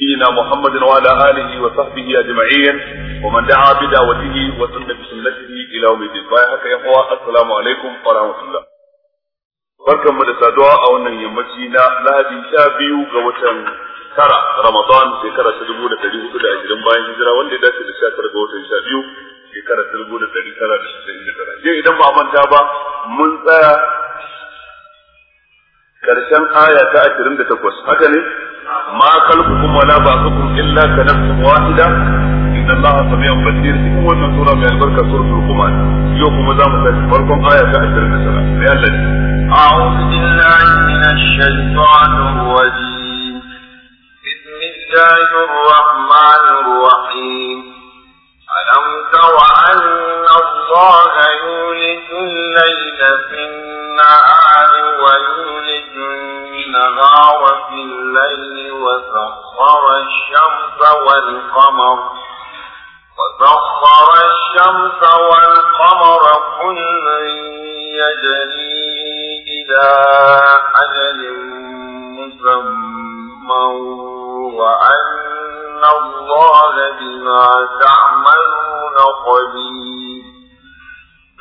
نبينا محمد وعلى اله وصحبه اجمعين ومن دعا بدعوته وسن بسنته الى يوم الدين بايعك يا اخوة السلام عليكم ورحمه الله barkan mu da saduwa a wannan yammaci na lahadi sha biyu ga watan tara ramadan shekara ta dubu da dari hudu da ashirin bayan hijira wanda ya dace da sha ga watan sha biyu shekara ta dubu da dari tara da sittin idan ba a manta ba mun tsaya karshen aya ta ashirin da takwas haka ne ma khalqukum wala ba'thukum illa ka nafsin wahida inna allaha sami'un basir cikin wannan sura mai albarka suratul qumar yau kuma za mu tashi farkon aya ta sai Allah أعوذ بالله من الشيطان الرجيم بسم الله الرحمن الرحيم ألم تر أن الله يولد الليل في النهار ويولد النهار النهار في الليل وسخر الشمس والقمر وسخر الشمس والقمر كل يجري إلى أجل مسمى وأن الله بما تعملون قدير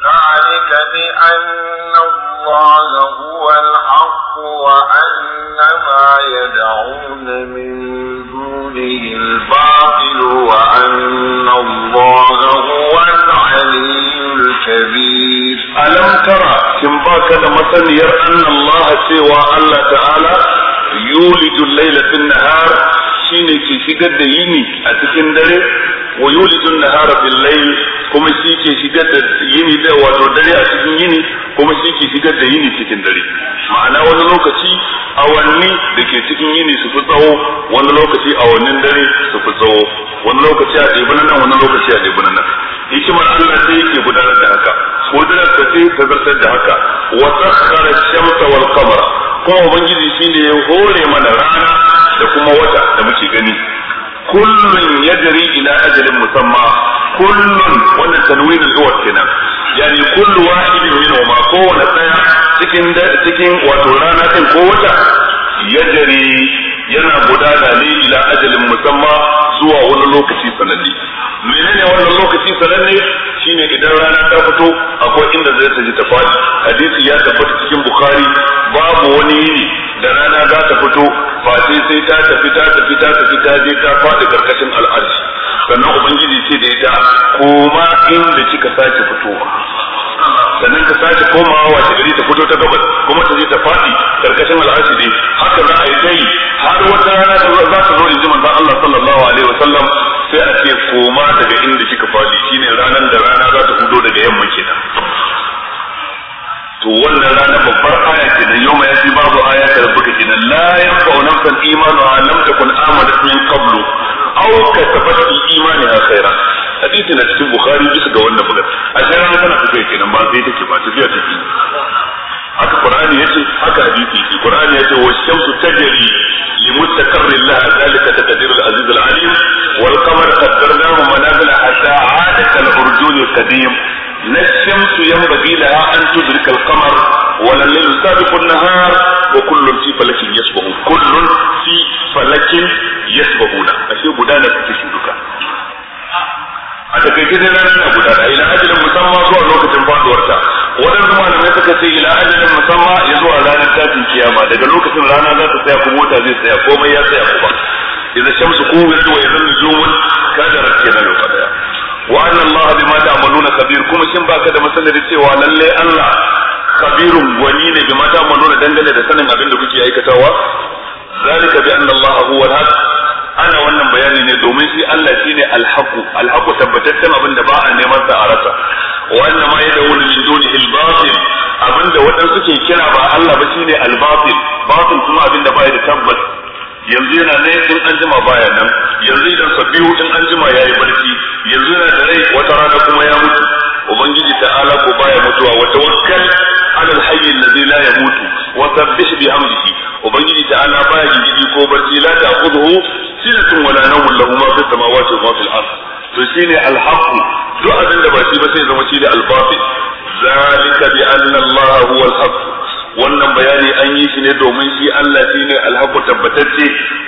ذلك بأن الله هو الحق وأن ما يدعون من دونه الباطل وأن الله هو العلي الكبير ألم ترى كم باك مثل أن الله سوى الله تعالى يولد الليل في النهار shine ke shigar da yini a cikin dare wa yulijun nahara harafin layl kuma shi ke shigar da yini da wato dare a cikin yini kuma shi ke shigar da yini cikin dare ma'ana wani lokaci awanni da ke cikin yini su fi tsawo wani lokaci awannin dare su fi tsawo wani lokaci a ɗebi nan wani lokaci a ɗebi nan hikimar Allah sai yake gudanar da haka kudurar ta sai ta zartar da haka wa sakhara shamsa wal qamara kuma ubangiji shine ya hore mana rana da kuma wata da muke gani kullun yajri ila ajalin musamma kullun wannan tanwin al-awwal kenan yani kullu wahidin huma kowane daya cikin cikin wato rana din ko wata yajri yana gudana ne ila ajalin musamma zuwa wani lokaci sanalli menene wannan lokaci sananne shine idan rana ta fito akwai inda zai saji ta fadi hadisi ya tabbata cikin bukhari babu wani yini da rana za ta fito ba sai sai ta tafi ta tafi ta tafi ta je ta fadi karkashin al'arshi sannan ubangiji ce da ita koma inda kika sake fitowa sannan ta sake komawa wace gari ta fito ta gabas kuma ta je ta fadi karkashin al'ashi ne haka za a yi ta yi har wata rana ta za ta zo inji manzon Allah sallallahu alaihi wa sallam sai a ce koma daga inda kika fadi shine ranar da rana za ta fito daga yamma kenan to wannan rana babbar aya ce da yau ya fi babu aya ta rabbuka kenan la yanfa'u nafsan imanuha lam takun amanat min qablu aw kasabat fi imaniha khairan hadisi na cikin bukhari bisa ga wannan bugar a sai rana tana tafiya kenan ba sai take ba tafiya take haka qur'ani yace haka hadisi yake qur'ani yace wa shamsu tajri li mustaqarrin laha zalika taqdiru al-aziz al-alim wal qamara qaddarnahu manazila hatta 'ada kal-urjun al-qadim لا الشمس ينبغي لها أن تدرك القمر ولا الليل سابق النهار وكل في فلك يسبحون كل في فلك يسبحون أشياء بدانا في shuduka. a takaice dai rana na da ila ajalin musamman zuwa lokacin faduwar faduwarta waɗansu malamai suka ce ila ajalin musamman ya zuwa ranar tashin kiyama daga lokacin rana za ta tsaya ko mota zai tsaya komai ya tsaya kuma idan shamsu ko wani zuwa yanzu nujumun kada rakke na lokaci wa anna allaha bima ta'maluna kabir kuma shin baka da masalar cewa lalle Allah kabirun gwani ne bima ta'maluna dangane da sanin abin da kuke aikatawa zalika bi anna allaha huwa al-haq ana wannan bayani ne domin shi Allah shine alhaqu alhaqu tabbataccen abin da ba a neman sa a rasa wannan ma ya dawo min dunihi albatil abin da waɗansu ke kira ba Allah ba shine albatil batil kuma abin da ba ya da tabbas yanzu yana ne in an jima baya nan yanzu idan sabihu in an jima yayi barci yanzu yana da rai wata rana kuma ya mutu ubangiji ta'ala ko baya mutuwa wa tawakkal ala al-hayy alladhi la yamutu wa sabbih bi amrihi ubangiji ta'ala baya jiji ko barci la ta'khudhu sinatun wala nawmun lahu ma fi samawati wa ma fil ard to shine al-haqq duk abinda ba shi ba sai zama shi da albafi. batil zalika bi anna allaha huwa wannan bayani an yi shi ne domin shi Allah shi ne alhaku tabbatacce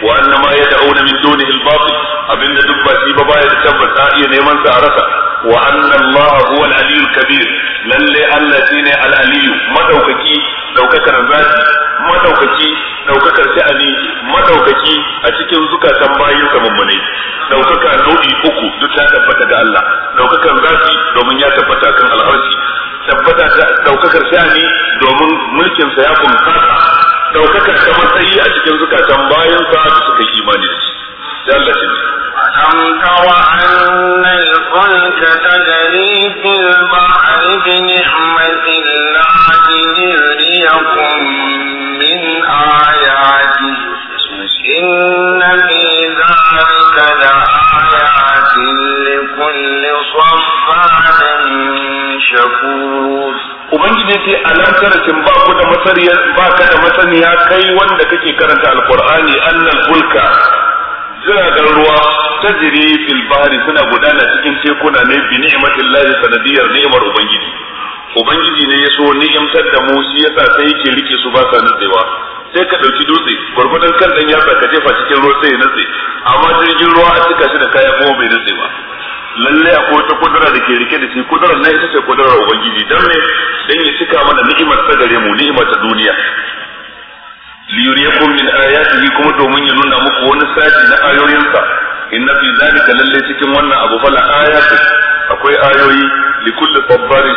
wa annama ya da'una min dunihi al-batil abinda duk ba shi ba baya da tabbata iya neman sa a rasa wa anna Allah huwa al kabir lalle Allah shi ne al-aliyyu madaukaki daukakar zati madaukaki daukakar sha'ani madaukaki a cikin zukatan bayin sa mummune daukaka nau'i uku duk ta tabbata ga Allah daukakar zati domin ya tabbata kan al-arshi tabbata ta daukakar sha'ani domin mulkin sa ya kumfata daukakar ta matsayi a cikin zukatan bayan sa suka yi imani da shi sai Allah ya ce ألم تر أن الفلك تجري في البحر بنعمة الله ليريكم من آياته ubangiji ce nan tarakin ba ku da masaniya ba ka da masaniya kai wanda kake karanta alqur'ani annal fulka jiragen ruwa tajri fil bahri suna gudana cikin tekuna ne bi lahi sanadiyar ni'mar ubangiji ubangiji ne ya so ni'imtar da mu shi yasa sai yake rike su ba sa nutsewa sai ka dauki dutse gurgudan kan dan yasa ka jefa cikin ruwa sai ya nutse amma jirgin ruwa a cika shi da kayan kuma bai nutse ba lallai akwai wata kudura da ke rike da shi kudurar na ita ce kudurar ubangiji dan ne dan ya cika mana ni'imar ta gare mu ni'imar ta duniya li yuriyakum min ayatihi kuma domin ya nuna muku wani sati na ayoyinsa inna fi zalika lalle cikin wannan abu fala ayatu akwai ayoyi li kulli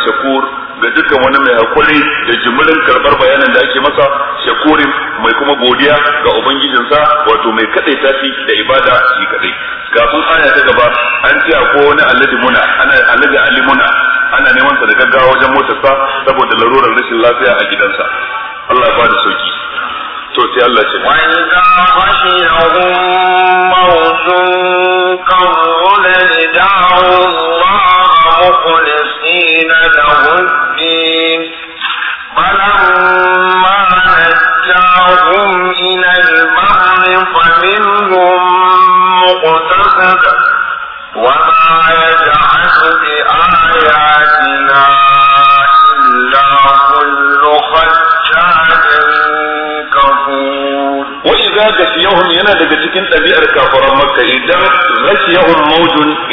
shakur ga dukkan wani mai hakuri da jimirin karbar bayanin da ake masa shakurin mai kuma godiya ga ubangijinsa wato mai kadai tafi da ibada shi kadai kafin aya ta gaba an ce ko wani alladi muna ana alladi ali muna ana neman sa da gaggawa wajen motarsa saboda larurar rashin lafiya a gidansa Allah ya bada sauki to sai Allah ce wa mawzun qawlan Allah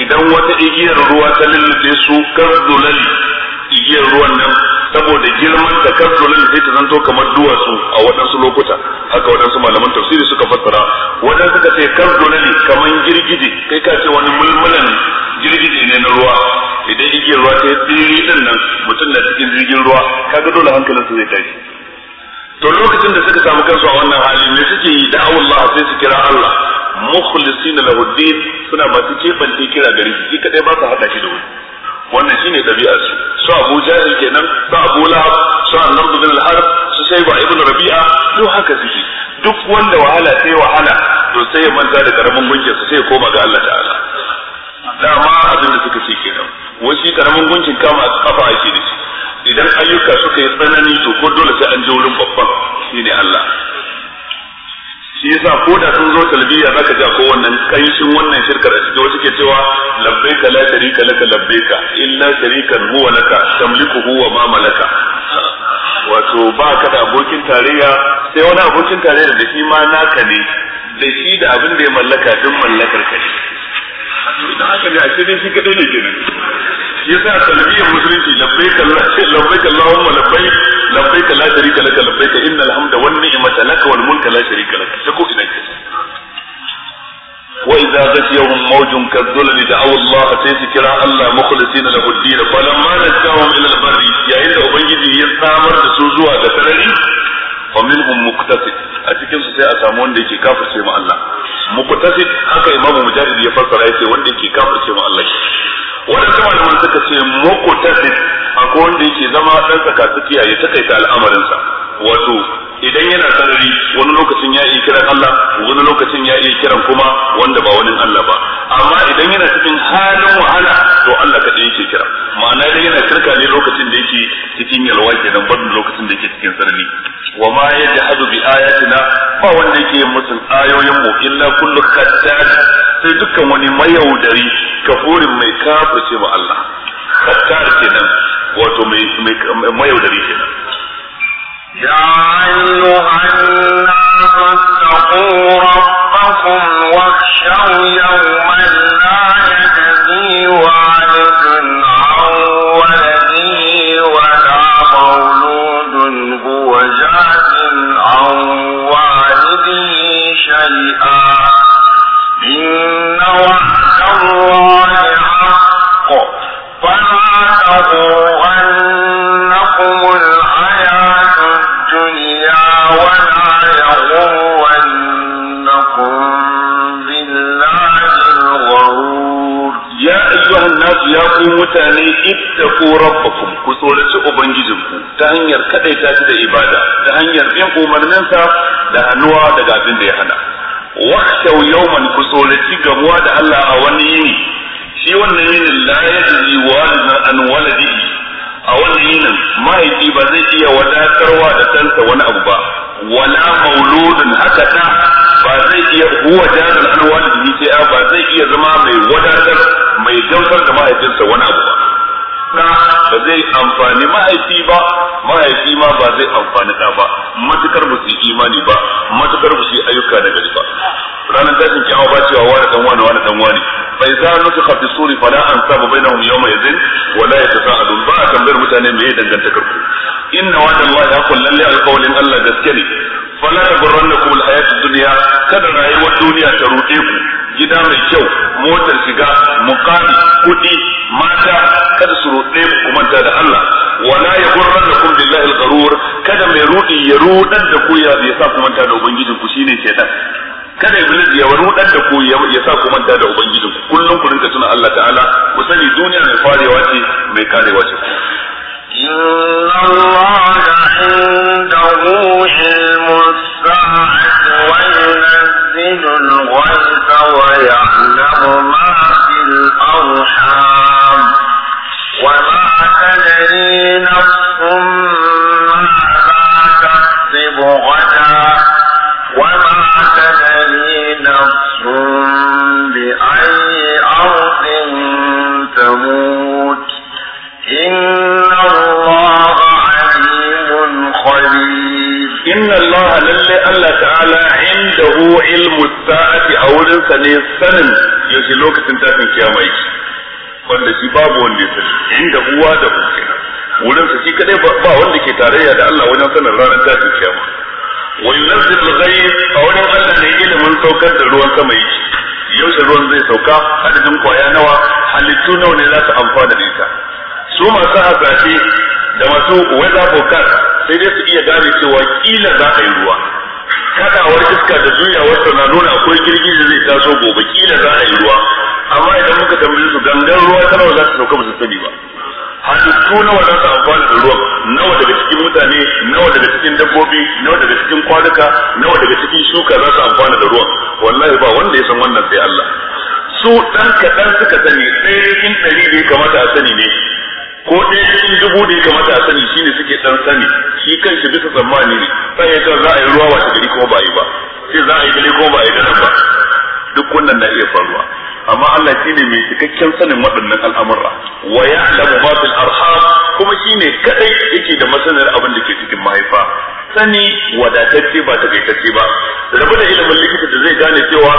idan wata igiyar ruwa ta lullube su kan zulali igiyar ruwan nan saboda girman ta karzolin sai ta zanto kamar duwatsu a waɗansu lokuta haka waɗansu malaman tafsiri suka fassara waɗansu suka ce karzolin kamar girgije kai ka ce wani mulmulan girgije ne na ruwa idan igiyar ruwa ta yi tsiri din nan mutum na cikin jirgin ruwa kaga dole su zai tashi to lokacin da suka samu kansu a wannan hali me suke yi da Allah sai su kira Allah mukhlisin lahu din suna masu kebance kira gari shi kadai ba su hada shi da wani wannan shine dabi'ar su su Abu Jahil kenan su Abu Lahab su Annabi bin al-Harb su ba ibn Rabi'a duk haka suke duk wanda wahala sai wahala to sai manta da karamin gunkin sai ko koma ga Allah ta'ala dama abin da suka ce kenan wasi karamin gunkin kama kafa ake da shi idan ayyuka suka yi tsanani to ko dole sai an je wurin babban shine Allah shi yasa ko da sun zo talbiya zaka ji ko wannan kanshin wannan shirkar a cikin wasu ke cewa labbaika la sharika laka labbaika illa sharikan huwa laka tamliku huwa ma malaka wato ba ka da abokin tarayya sai wani abokin tarayya da shi ma naka ne da shi da abin da ya mallaka duk mallakar ka ne idan haka ne a cikin shi kadai ne kenan yasa talbiyar musulunci labbaika labbaika allahumma labbaik labbaika la sharika laka labbaika innal hamda wan ni'mata laka wal mulka la sharika laka sako idan ka wa idza ghashiyahum mawjun kadhulal da'u Allah sai su kira Allah mukhlisina lahu ad-din falamma nasahum barri yayin da ubangiji ya samar da su zuwa da sarari wa minhum a cikin su sai a samu wanda yake kafirce ma Allah muqtasid haka imamu mujahid ya fassara yace wanda yake kafirce ma Allah wanda kuma malaman suka ce muqtasid akwai wanda yake zama dan tsaka tsakiya ya takaita al'amarin sa wato idan yana sarari wani lokacin ya iya kiran Allah wani lokacin ya iya kiran kuma wanda ba wani Allah ba amma idan yana cikin halin wahala to Allah kadai yake kira ma'ana idan yana shirka ne lokacin da yake cikin yalwa kenan ban mutum da ke cikin sarari wa ma ya yajhadu bi ayatina ba wanda yake yin musul ayoyin mu illa kullu khattan sai dukkan wani mayaudari kafurin mai kafirce wa Allah khattan kenan wato mai mayaudari kenan ya يا أيها الناس اتقوا ربكم واخشوا يوما لا yi mutane ittaqu rabbakum ku tsoraci ubangijinku ta hanyar kadaita shi da ibada ta hanyar bin umarninsa da hannuwa daga abin da ya hana wakhshaw yawman ku tsoraci gamuwa da Allah a wani yini shi wannan yinin la yajzi walidan an waladihi a wani yinin mahaifi ba zai iya wadatarwa da kansa wani abu ba wala mauludun haka da ba zai iya huwa jazal alwalidihi sai ba zai iya zama mai wadatar mai gamsar da mahaifinsa wani abu ba da ba zai amfani ma'aifi ba ma'aifi ma ba zai amfani da ba matukar ba su imani ba matukar ba su ayyuka da gari ba ranar tashin kiyama ba cewa wani dan wani wani dan wani bai za nuka kafi suri fala an saba bainahum yawma yadin wala yatasaalun ba a tambayar mutane me ya dangantakar ku inna wa'da Allah ya kun lalle alqawlin Allah gaske ne fala tagurrannakum alhayatid dunya kada rayuwar duniya ta rude ku gida mai kyau motar shiga mukami kudi mata kada su ruɗe ku manta da Allah wala yaghurrannakum billahi al-gharur kada mai rudi ya rudan da ku ya sa ku manta da ubangijin ku shine shedan kada iblis ya rudan da ku ya sa ku manta da ubangijin ku kullun ku rinka tuna Allah ta'ala ku sani duniya mai farewa ce mai karewa ce إن الله عنده علم الساعة يؤمن الغيب ويعلم ما في الأرحام ilmu sa'ati a wurin sa ne sanin yaushe lokacin tafin kiyama yake wanda shi babu wanda ya sani inda uwa da buke. wurin sa shi kadai ba wanda ke tarayya da Allah wajen sanin ranar tafin kiyama wa yunzil al-ghayb a wurin Allah ne ilimin saukar da ruwan sama yake yaushe ruwan zai sauka adadin kwaya nawa halittu nawa ne za su amfana da ita su masu hasashe da masu weather forecast sai dai su iya gane cewa kila za a yi ruwa kadawar iska da juyawar ta na nuna akwai da zai taso gobe kila za a yi ruwa amma idan muka tambaye su gangan ruwa ta nawa za ta sauka ba su sani ba halittu nawa za su amfana da ruwan nawa daga cikin mutane nawa daga cikin dabbobi nawa daga cikin kwanuka nawa daga cikin shuka za su amfana da ruwan wallahi ba wanda ya san wannan sai Allah su dan kaɗan suka sani ɗaya cikin ɗari ne kamata a sani ne ko ɗaya cikin dubu da ya kamata a sani shine suke ɗan sani shi kanshi bisa tsammani ne sai ya za a yi ruwa wata gari ko ba yi ba sai za a yi gari ko ba a yi ba duk wannan na iya faruwa amma Allah shine mai cikakken sanin waɗannan al'amura wa ya'lamu ma fil arham kuma shine kadai yake da masanar abin da ke cikin mahaifa sani wadatacce ba ta gaitacce ba rabu da ilimin likita da zai gane cewa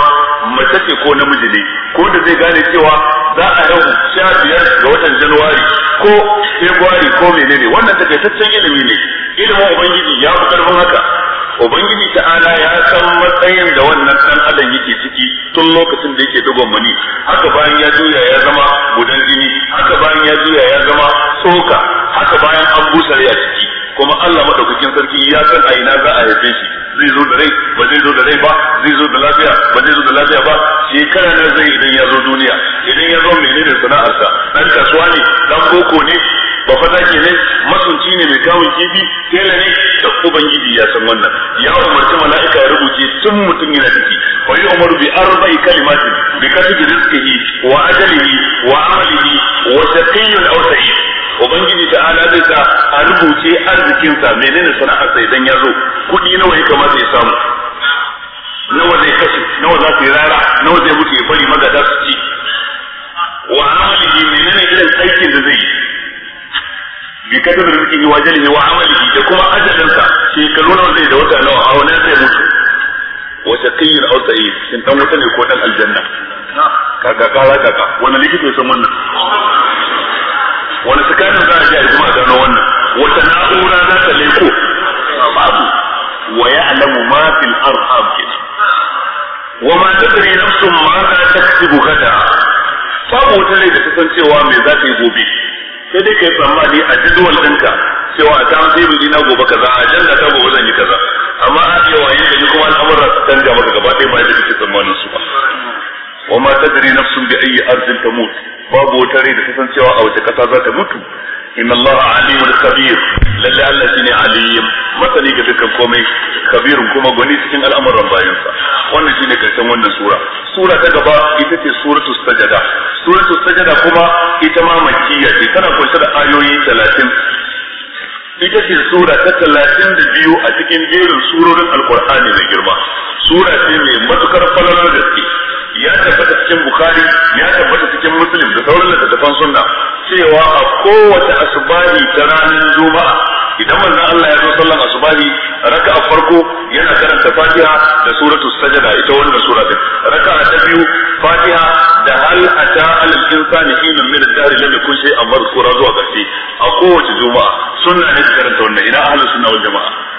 mace ce ko namiji ne ko da zai gane cewa za a yau sha biyar ga watan januwari ko februari ko menene wannan takaitaccen ilimi ne ilimin ubangiji ya fi karfin haka ubangiji ta'ala ya san matsayin da wannan dan adam yake ciki tun lokacin da yake dogon mani haka bayan ya juya ya zama gudan jini haka bayan ya juya ya zama tsoka haka bayan an busa a ciki kuma Allah madaukakin sarki ya san a ina za a haife shi zai zo da rai ba zai zo da rai ba zai zo da lafiya ba zai zo da lafiya ba shekara na zai idan ya zo duniya idan ya zo menene sa dan kasuwa ne dan boko ne ba fa zaki ne masunci ne mai kawun kifi tela ne da ubangiji ya san wannan ya umarci mala'ika ya rubuce tun mutum yana ciki fa yi umaru bi arba'i kalimati bi kasbi rizqihi wa ajalihi wa amalihi wa shaqiyyun aw sa'id ubangiji ta ala zai sa a rubuce sa menene sana'ar sa idan ya zo kuɗi nawa ya kamata ya samu nawa zai kashe nawa za su yi rara nawa zai mutu ya bari magada su ci wa amalihi menene irin aikin da zai yi bi kadar ni wa jalihi wa amalihi da kuma sa shekaru nawa zai da wata nawa a wannan zai mutu wa shaqiyyin aw sa'id shin dan wuta ne ko dan aljanna kaga kara kaka wannan likita ya san wannan wani tsakanin za a je a jima gano wannan wata na'ura za ta leko babu wa ya ya'lamu ma fil arham kenan wa ma tadri nafsun ma za taksubu gada babu wata ne da ta san cewa me za ta yi gobe sai dai kai tsammani a jadwal ɗinka cewa a kan sai na gobe kaza a ajanda ta gobe zan yi kaza amma a iya waye gari kuma al'amuran su canja maka gaba ɗaya ba yadda kake tsammanin su ba wa ma tadri nafsun bi ayyi ta tamut babu wata rai da ta san cewa a wace kasa za ta mutu إن allah عليم خبير لله الله شيني عليم مثلا يجي دكان كومي خبير كما غني cikin al'amuran bayansa wannan shine karshen wannan sura sura ta gaba ita ce suratu sajada Suratu sajada kuma ita ma makkiya ce tana kunshe da ayoyi 30 ita ce sura ta 32 a cikin jerin surorin alqur'ani mai girma sura ce mai matukar falalar gaske ya tabbata cikin bukhari ya tabbata cikin muslim da sauran littattafan sunna cewa a kowace asubahi ta ranar juma'a idan manzon Allah ya zo sallan asubahi raka'a farko yana karanta fatiha da suratu sajada ita wannan sura din raka'a ta biyu fatiha da hal ata al insani hina min ad-dahr lam yakun shay'an zuwa karshe a kowace juma'a sunna ne karanta wannan ina ahlus sunna wal jama'a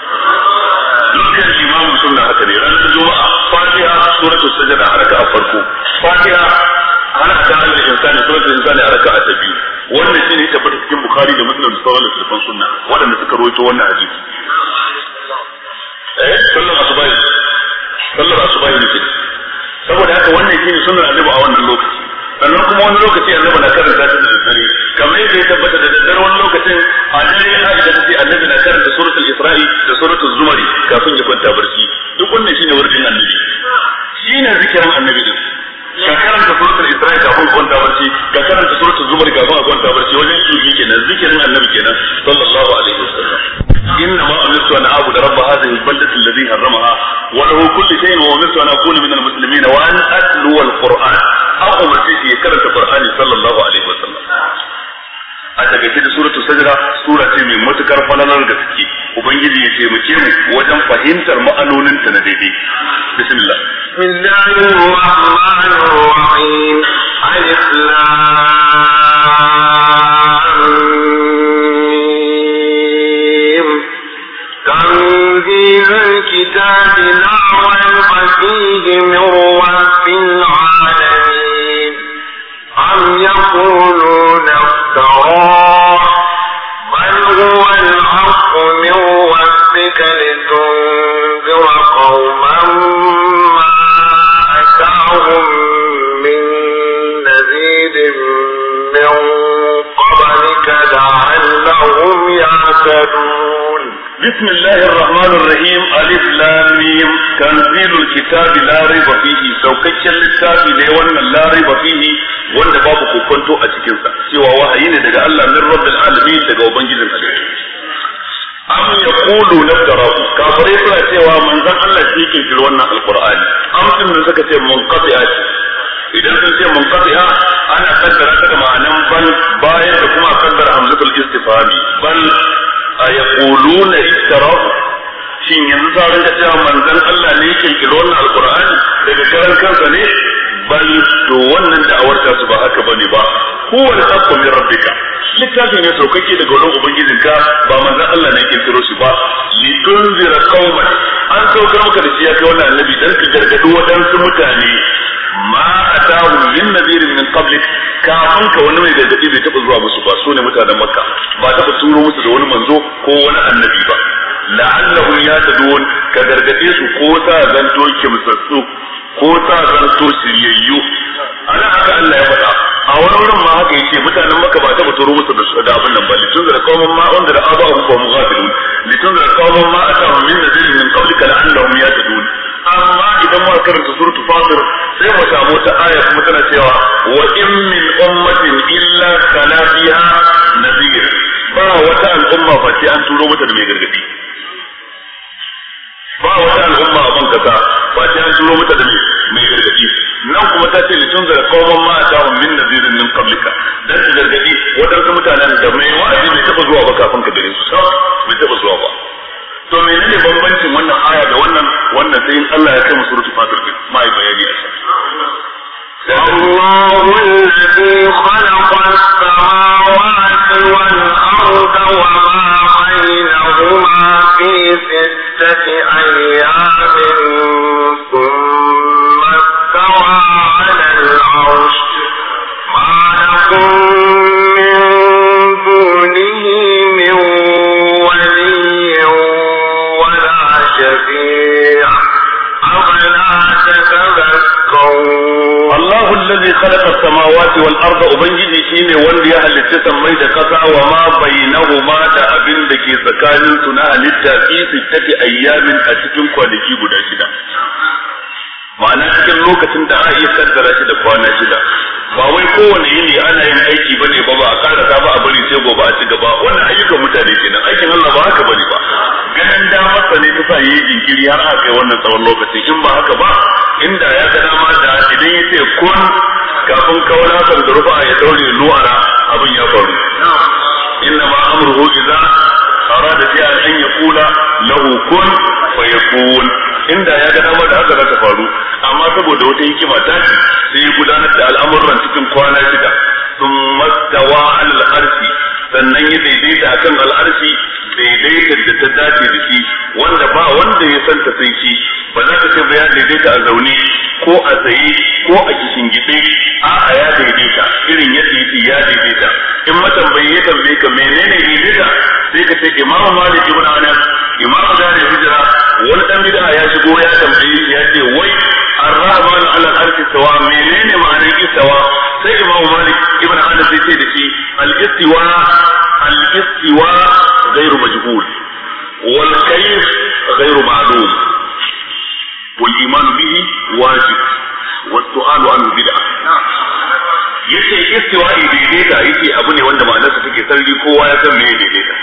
dukkan limamin sunna haka ne ranar juma'a fatiha suratul sajda haraka a farko fatiha ana ta da insani suratul insani haraka a ta biyu wannan shine ya tabbata cikin bukhari da muslim da sauran littattafan sunna waɗanda suka rawaito wannan hadisi eh sallar asubahi sallar asubahi ne saboda haka wannan shine sunnar annabi a wannan lokaci sannan kuma wani lokaci annabi na karanta ta da daddare kamar yadda ya tabbata da daddare wani lokacin a dare Aisha ta ce annabi na karanta suratul Isra'i da suratul Zumari kafin ya kwanta barci duk wannan shine wurin annabi shine zikirin annabi din ka karanta suratul Isra'i kafin kwanta barci ka karanta suratul Zumari kafin kwanta barci wajen ibi kenan zikirin annabi kenan sallallahu alaihi wasallam إنما أمرت أن أعبد رب هذه البلدة الذي حرمها وله كل شيء وأمرت أن أكون من المسلمين وأن أتلو a takaice da suratul sajda sura ce mai matukar falalar gaske ubangiji ya taimake mu wajen fahimtar ma'anonin ta na daidai bismillah bismillahir rahmanir rahim تنزيل الكتاب لا ريب فيه من رب العالمين بسم الله rahim الرحيم الف لام ميم تنزيل الكتاب لا ريب فيه سوكك الكتاب ده ولا لا ريب فيه ولا باب كنتو ا wahayi ne daga Allah min rabbil alamin daga ubangijin alamin am yaqulu la tara kafir ila cewa manzan Allah shi ke jira wannan alqur'ani am sun ne suka ce idan sun ce munqati'a ana kaddara da ma'anan ban bayan da kuma kaddara hamzatul istifham ban a yaquluna iftarahu shin yanzu sa rinka cewa manzan Allah ne yake kiro wannan alqur'ani daga karan kansa ne bal to wannan da'awar ta su ba haka bane ba huwa al-haqqu min rabbika littafin ya saukake daga wurin ubangijinka ba manzan Allah ne yake kiro shi ba litunzira qauman an saukar maka da shi ya kai wannan annabi dan ka gargado wadansu mutane ma atahu min nadirin min qablik kafin ka wani mai gargadi bai taba zuwa musu ba su ne mutanen makka ba taba turo musu da wani manzo ko wani annabi ba la'allahum yatadun ka gargade su ko sa zanto kimsassu ko sa zanto shiryayyu ana haka Allah ya faɗa a wani wurin ma haka yace mutanen makka ba taba turo musu da abin nan ba litun zara qauman ma wanda da aba'u fa mughafilun litun zara qauman ma atahum min nadirin min qablika la'allahum yatadun amma idan muka karanta suratu fatir sai mu samu ta aya kuma tana cewa wa in min ummatin illa kana fiha nadhir ba wata al'umma ba sai an turo mata da mai gargadi ba wata al'umma a ban kasa ba sai an turo mata da mai gargadi nan kuma ta ce litun zara kawman ma ta min nadhirin min qablika dan gargadi wadansu mutanen da mai wa'azi bai taba zuwa ba kafin ka gare su bai taba zuwa ba to menene bambancin wannan aya da wannan wannan sai in Allah ya kai musu rutu fatir din mai bayani a shi الله الذي خلق السماوات والأرض وما بينهما في ستة أيام samawati wal arda ubangiji shine wanda ya halitta sammai da kasa wa ma bainahuma da abin da ke tsakanin su na halitta fi sittati ayyamin a cikin kwanaki guda shida ma'ana cikin lokacin da a iya kaddara shi da kwana shida ba wai kowane yini ana yin aiki bane ba ba a karasa ba a bari sai gobe a ci gaba wannan ayyukan mutane kenan aikin Allah ba haka bane ba ganin damar sa ne ta sa yi jinkiri har aka kai wannan tsawon lokaci in ba haka ba inda ya ga dama da idan ya ce kun kafin kauna kan da rufa ya daure lu'ara abin ya faru inna ma amruhu idza arada fi an yaqula lahu kun yakun inda ya ga dama da haka za ta faru amma saboda wata hikima ta ce sai gudanar da al'amuran cikin kwana shida sun mastawa al-arshi sannan ya daidaita kan al'arshi daidaitar da ta dace da shi wanda ba wanda ya santa sai shi ba za ka ce ba ya daidaita a zaune ko a tsaye ko a kishingide a a ya daidaita irin yadda yake ya daidaita in matambayi ya tambaye ka menene daidaita sai ka ce imamu malik ibn anas imamu da hijira wani ɗan bid'a ya shigo ya tambaye ya ce wai الرحمن على الأرض سواء منين معنى سواء سيد إمام مالك ابن أنس يقول الاستواء الاستواء غير مجهول والكيف غير معلوم والإيمان به واجب والسؤال عنه بدعة yace istiwa'i daidaita yake abu ne wanda ma'anarsa take sarri kowa ya san me daidaita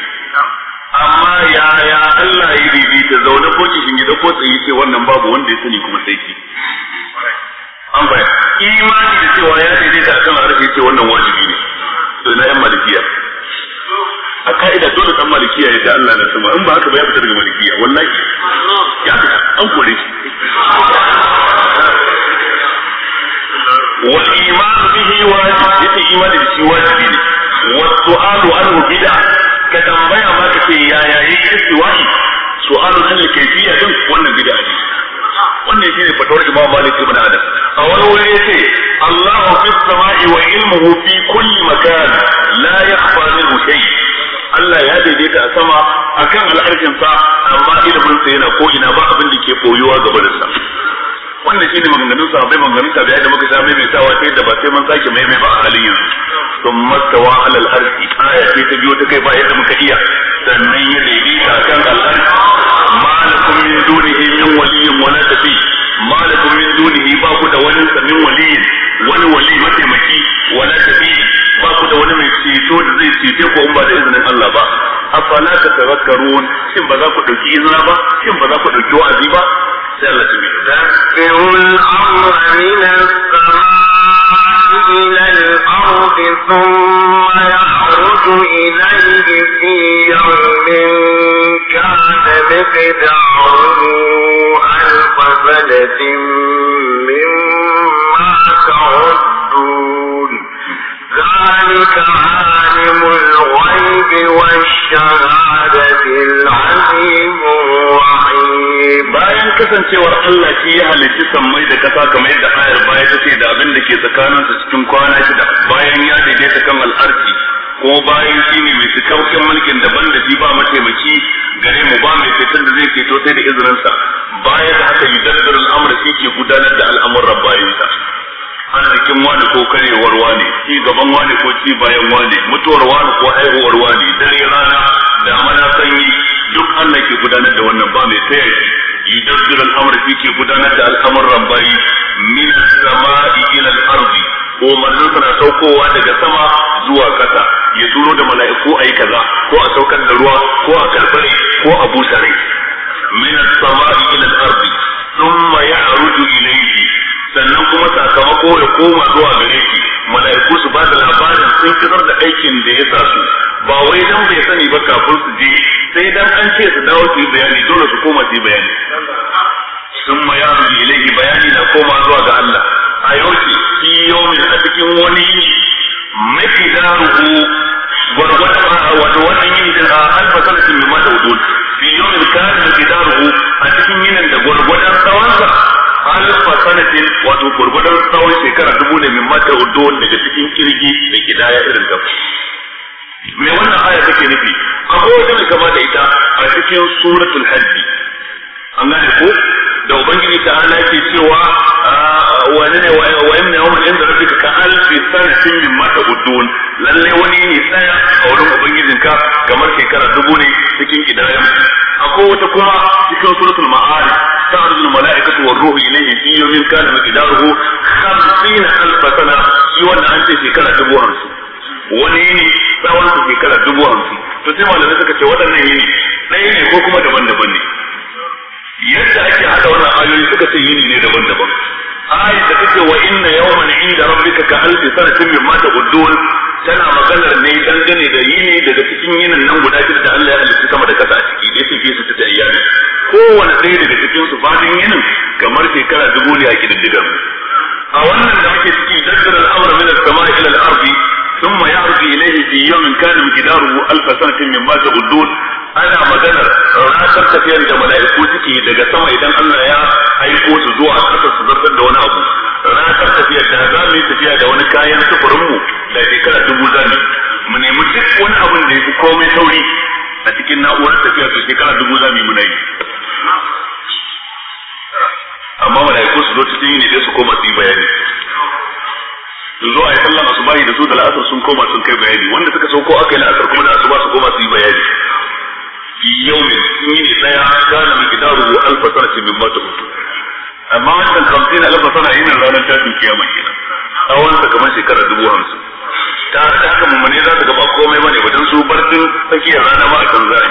amma yaya Allah ya bibi ta zaune ko ki gida ko yi ce wannan babu wanda ya sani kuma sai ki an bai imani da cewa ya daidai da akan arziki ce wannan wajibi ne to na yan malikiya a ka'ida dole san malikiya ya da Allah na sama in ba haka ba ya fita daga malikiya wallahi ya fita an kore shi wal iman bihi wajib yace imani da shi wajibi ne wa su'alu anhu bid'ah ka tambaya ma ka ce yaya yayi su su'alul ke kayfiyya don wannan bid'a ne wannan ne fatawar Imam Malik ibn adam a wani wuri ya yace Allahu fis sama'i wa ilmuhu fi kulli makan la yakhfa minhu shay Allah ya daidaita a sama akan al'arshin sa amma ilimin sa yana ko ina ba abin da ke koyuwa da sa wannan shine maganganun bai maganganun bai da muka sha mai sawa ta yadda ba sai mun sake mai mai ba a halin yanzu sun mastawa alal arshi aya ce ta biyo ta kai ba yadda muka iya sannan ya ta kan al'arshi malakun lakum min dunihi min waliyin wala tafi ma lakum min dunihi ba ku da wani samin waliyin wani wali mataimaki wala tafi ba ku da wani mai ceto da zai cece ku in ba da izinin Allah ba afala tatazakkarun shin ba za ku dauki izina ba shin ba za ku dauki wa'azi ba يدبر الأمر من السماء إلى الأرض ثم يخرج إليه في يوم كان مقداره ألف سنة مما تعدون ذلك عالم الغيب والشهادة العظيم الرحيم Eh, bayan kasancewar Allah shi ya halicci sammai da kasa kamar yadda ayar baya ta ce da abin da ke tsakanin su cikin kwana shida bayan ya daidaita kan al'arki ko bayan shi ne mai cikakken mulkin daban da shi ba mataimaki gare mu ba mai fitar da zai fito sai da izinin sa bayan da haka yudaddar al'amura shi ke gudanar da al'amuran bayan sa arzikin wani ko karewar wani ci gaban wani ko ci bayan wani mutuwar wani ko haihuwar wani dare rana da amana sanyi duk Allah ke gudanar da wannan ba mai taya shi yudabbir al-amr ke gudanar da al'amuran bayi min as-sama'i ila al-ardi ko manzon saukowa daga sama zuwa kasa ya turo da mala'iku ayi kaza ko a saukar da ruwa ko a karbare ko a busare min as-sama'i ila al-ardi thumma ya'rudu ilayhi sannan kuma sakamako ya koma zuwa gare shi mala'iku su ba da labarin sun fitar da aikin da ya sa su ba wai dan bai sani ba kafin su je sai dan an ce su dawo su yi bayani dole su koma su yi bayani sun ma ya rubi ilaihi bayani na koma zuwa ga Allah a yauki fi yomi a cikin wani yini mafi daruhu gwargwadon wato wani yini din a alfa sanatin mai mata wudul fi yawmin kana mafi daruhu a cikin yinin da gwargwadon tsawonsa alfa sanatin wato gwargwadon tsawon shekara dubu ne mai mata wudul daga cikin kirgi da kidaya irin gaba me wannan aya take nufi akwai wata mai kama da ita a cikin suratul hajji an gane ko da ubangiji ta ala yake cewa ah, wani ne wa inna yawmal inda rabbika ka alfi sanatin mata ta'udun lalle wani ne tsaya a wurin ka kamar shekara dubu ne cikin gidayen akwai wata kuma cikin suratul ma'arij تعرض الملائكة والروح إليه في يوم كان مقداره خمسين ألف سنة an ce في كلا تبوها wani yini tsawon su shekara dubu hamsin to sai malamai suka ce waɗannan yini ɗaya ne ko kuma daban-daban ne yadda ake haɗa wannan ayoyi suka ce yini ne daban-daban ayi da take wa inna yawman inda rabbika ka alfi sanatin mimma ta'udun tana maganar ne dangane da yini daga cikin yinin nan guda shida da Allah ya halitta sama da kasa a ciki da yake su ta ayyami kowanne ɗaya daga cikin su fadin yinin kamar shekara dubu ne a kididdigar a wannan da muke ciki jaddar al'amura min as-sama'i ila al-ardi ثم يعرج إليه في يوم كان مقداره ألف سنة مما تعدون ana maganar ranar tafiyar da mala'iku suke daga sama idan Allah ya aiko su zuwa ƙasa su da wani abu ranar tafiyar da za mu yi tafiya da wani kayan sufurin mu da shekara dubu zami mu nemi duk wani abin da ya fi komai sauri a cikin na'urar tafiya to shekara dubu zami muna yi amma mala'iku su zo cikin yini dai su koma su yi bayani su zo a yi sallan asubahi da su da la'asar sun koma sun kai bayani wanda suka sauko aka yi la'asar kuma da asuba su koma su yi bayani yau ne sun yi ne daya kana mai gida rubu alfa sana ce min mata mutu. amma wancan hamsin alfa sana yin ranar tashin kiyama kenan tsawon sa kamar shekara dubu hamsin ta haka mummune za su gaba komai bane wajen su barcin tsakiyar rana ma a kan za'a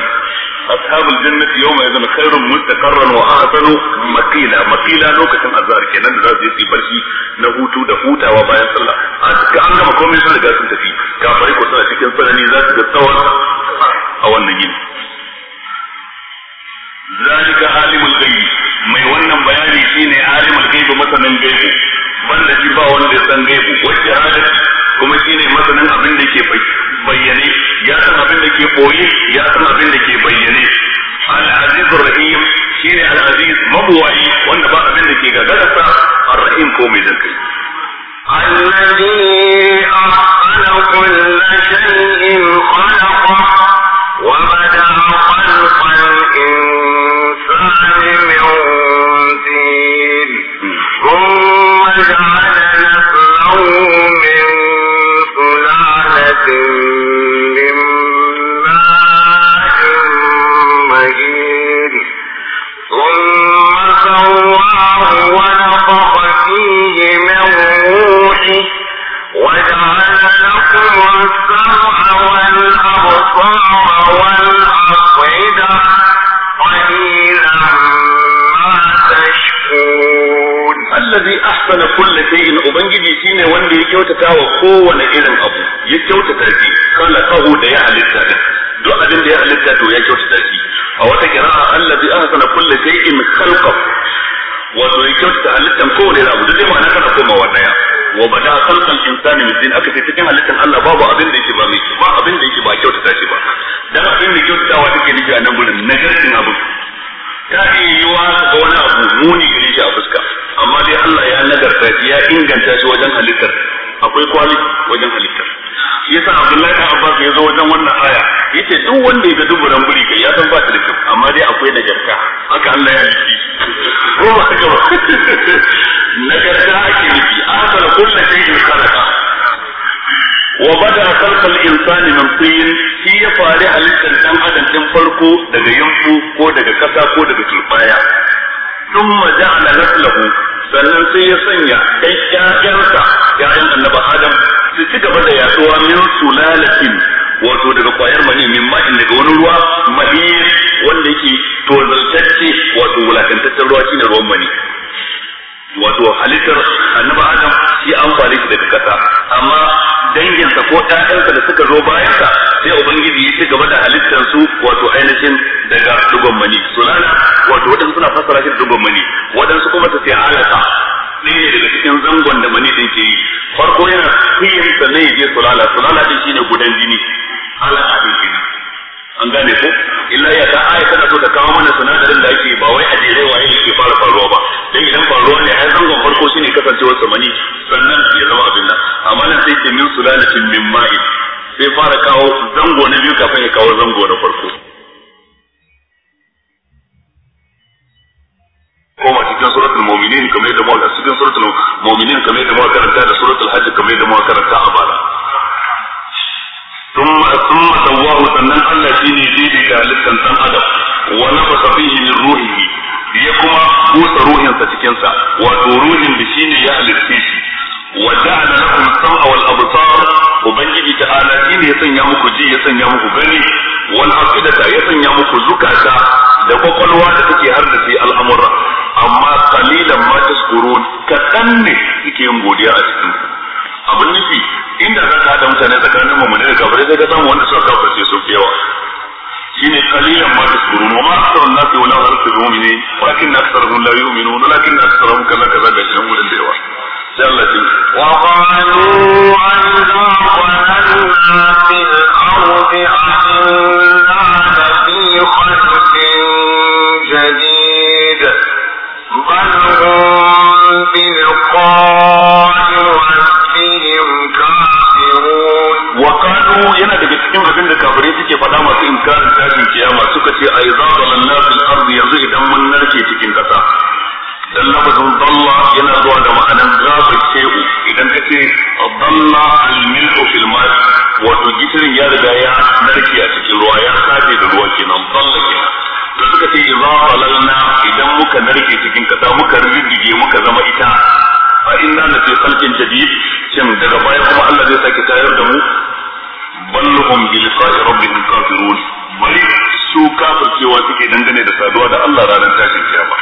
ashabul jannati yau idan khairun mustaqarran wa ahsanu maqila maqila lokacin azhar kenan da za su yi barci na hutu da hutawa bayan sallah ga an gama komai sun riga sun tafi kafirai ko suna cikin tsanani za su ga tsawon a wannan yini zalika alimul ghaib mai wannan bayani shine alimul ghaib masanin gaibu banda shi ba wanda ya san gaibu wacce hada kuma shine masanin abin da ke bayyane ya san abin da ke koyi ya san abin da ke bayyane al-aziz rahim shine al-aziz mabuwayi wanda ba abin da ke gagararsa ar-rahim ko mai jin kai الذي أحسن كل شيء خلقه وبدأ خلق الإنسان من طين ahsana kulli shay'in ubangiji shine wanda ya kyautata wa kowane irin abu ya kyautata shi kahu da ya halitta duk abin da ya halitta to ya kyautata shi a wata qira'a allazi ahsana kulli shay'in khalqahu wato ya kyautata halittan kowane abu duk ma'ana kana wa daya wa bada khalqal insani min tin aka ce cikin halittan Allah babu abin da yake ba mai ba abin da yake ba kyautata shi ba dan abin da kyautatawa take nufi a nan gurin nagartin abu ta iya yiwa ka ga wani abu muni gare shi a fuska amma dai Allah ya nagarta ya inganta shi wajen halittar akwai kwali wajen halittar yasa Abdullahi ta Abbas ya zo wajen wannan aya yace duk wanda ya ga duburan buri kai ya san ba ta da kyau amma dai akwai nagarta haka Allah ya yi ko ba haka ba nagarta ake nufi akala kullu shay'in khalaqa wa bada khalqal insani min tin shi ya fare halittar dan adam din farko daga yanku ko daga kasa ko daga turbaya thumma ja'ala naslahu sannan sai ya sanya kai ƴaƴansa ƴaƴan annabi adam su ci gaba da yaduwa min sulalatin wato daga kwayar mani min ma'in daga wani ruwa maliyin wanda yake tozaltacce wato wulakantaccen ruwa shine ruwan mani wato halittar annabi adam shi an fare shi daga kasa amma danginsa ko ɗayansa da suka zo bayansa sai ubangiji ya ci gaba da halittar su wato ainihin daga dugon mani sulala wato waɗansu suna fassara shi da dugon mani waɗansu kuma su ce alaka ɗaya daga cikin zangon da mani din ke yi farko yana fiyinsa ne ya je sulala sulala din shine gudan jini alaka din kenan an gane ko illa ya ta aya tana so ta kawo mana sinadarin da ake ba wai a jere waye yake fara faruwa ba dai idan ba ruwa ne ai zangon farko shine kasancewar samani sannan ya zama abin nan amma nan sai ke min sulalatin min ma'i sai fara kawo zango na biyu kafin ya kawo zango na farko koma cikin suratul mu'minin kamar yadda muka cikin suratul mu'minin kamar yadda muka karanta da suratul hajj kamar yadda muka karanta a bara ثم ثم سواه سنن الله شيني ديدي da halittar dan adam wa nafasa fihi min ruhihi ya kuma busa ruhi ta cikin sa wato ruhin da shine ya halitta shi wa ja'ala lakum sam'a wal absar ubangiji ta'ala shine ya sanya muku ji ya sanya muku gani wal afidata ya sanya muku zukata da kwakwalwa da take haddace al'amura amma qalilan ma tashkurun kadan ne suke yin godiya a cikin abin nufi inda zaka hada mutane tsakanin mu ne da kafirai sai ka samu wanda suka kafirce su yawa شيء قليلا ما تذكرون وما اكثر الناس ولا اكثر المؤمنين ولكن اكثرهم لا يؤمنون ولكن اكثرهم كما كذب يشهدون من الدعوة وقالوا أذا ظننا في الأرض أننا في خلق جديد بل هم بلقاء ce a yi zaɓalan nasu arzi yanzu idan mun narke cikin ƙasa dan lafazin dalla yana zuwa da ma'anan gaba shehu idan ka ce dalla al-milku fil ma'i wato gishirin ya riga ya narke a cikin ruwa ya kaje da ruwa kenan dalla kenan da suka ce idza qalalna idan muka narke cikin kasa muka rijige muka zama ita fa inna la fi khalqin jadid shin daga baya kuma Allah zai sake tayar da mu ballahum bi liqa'i rabbihim kafirun bari su kafircewa suke dangane da saduwa da Allah ranar tashin kiyama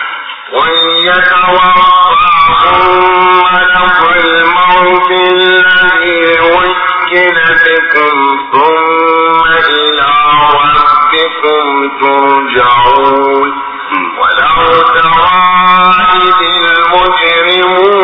وإن يتوفاكم ملك الموت الذي وكل بكم ثم إلى ربكم ترجعون ولو ترى المجرمون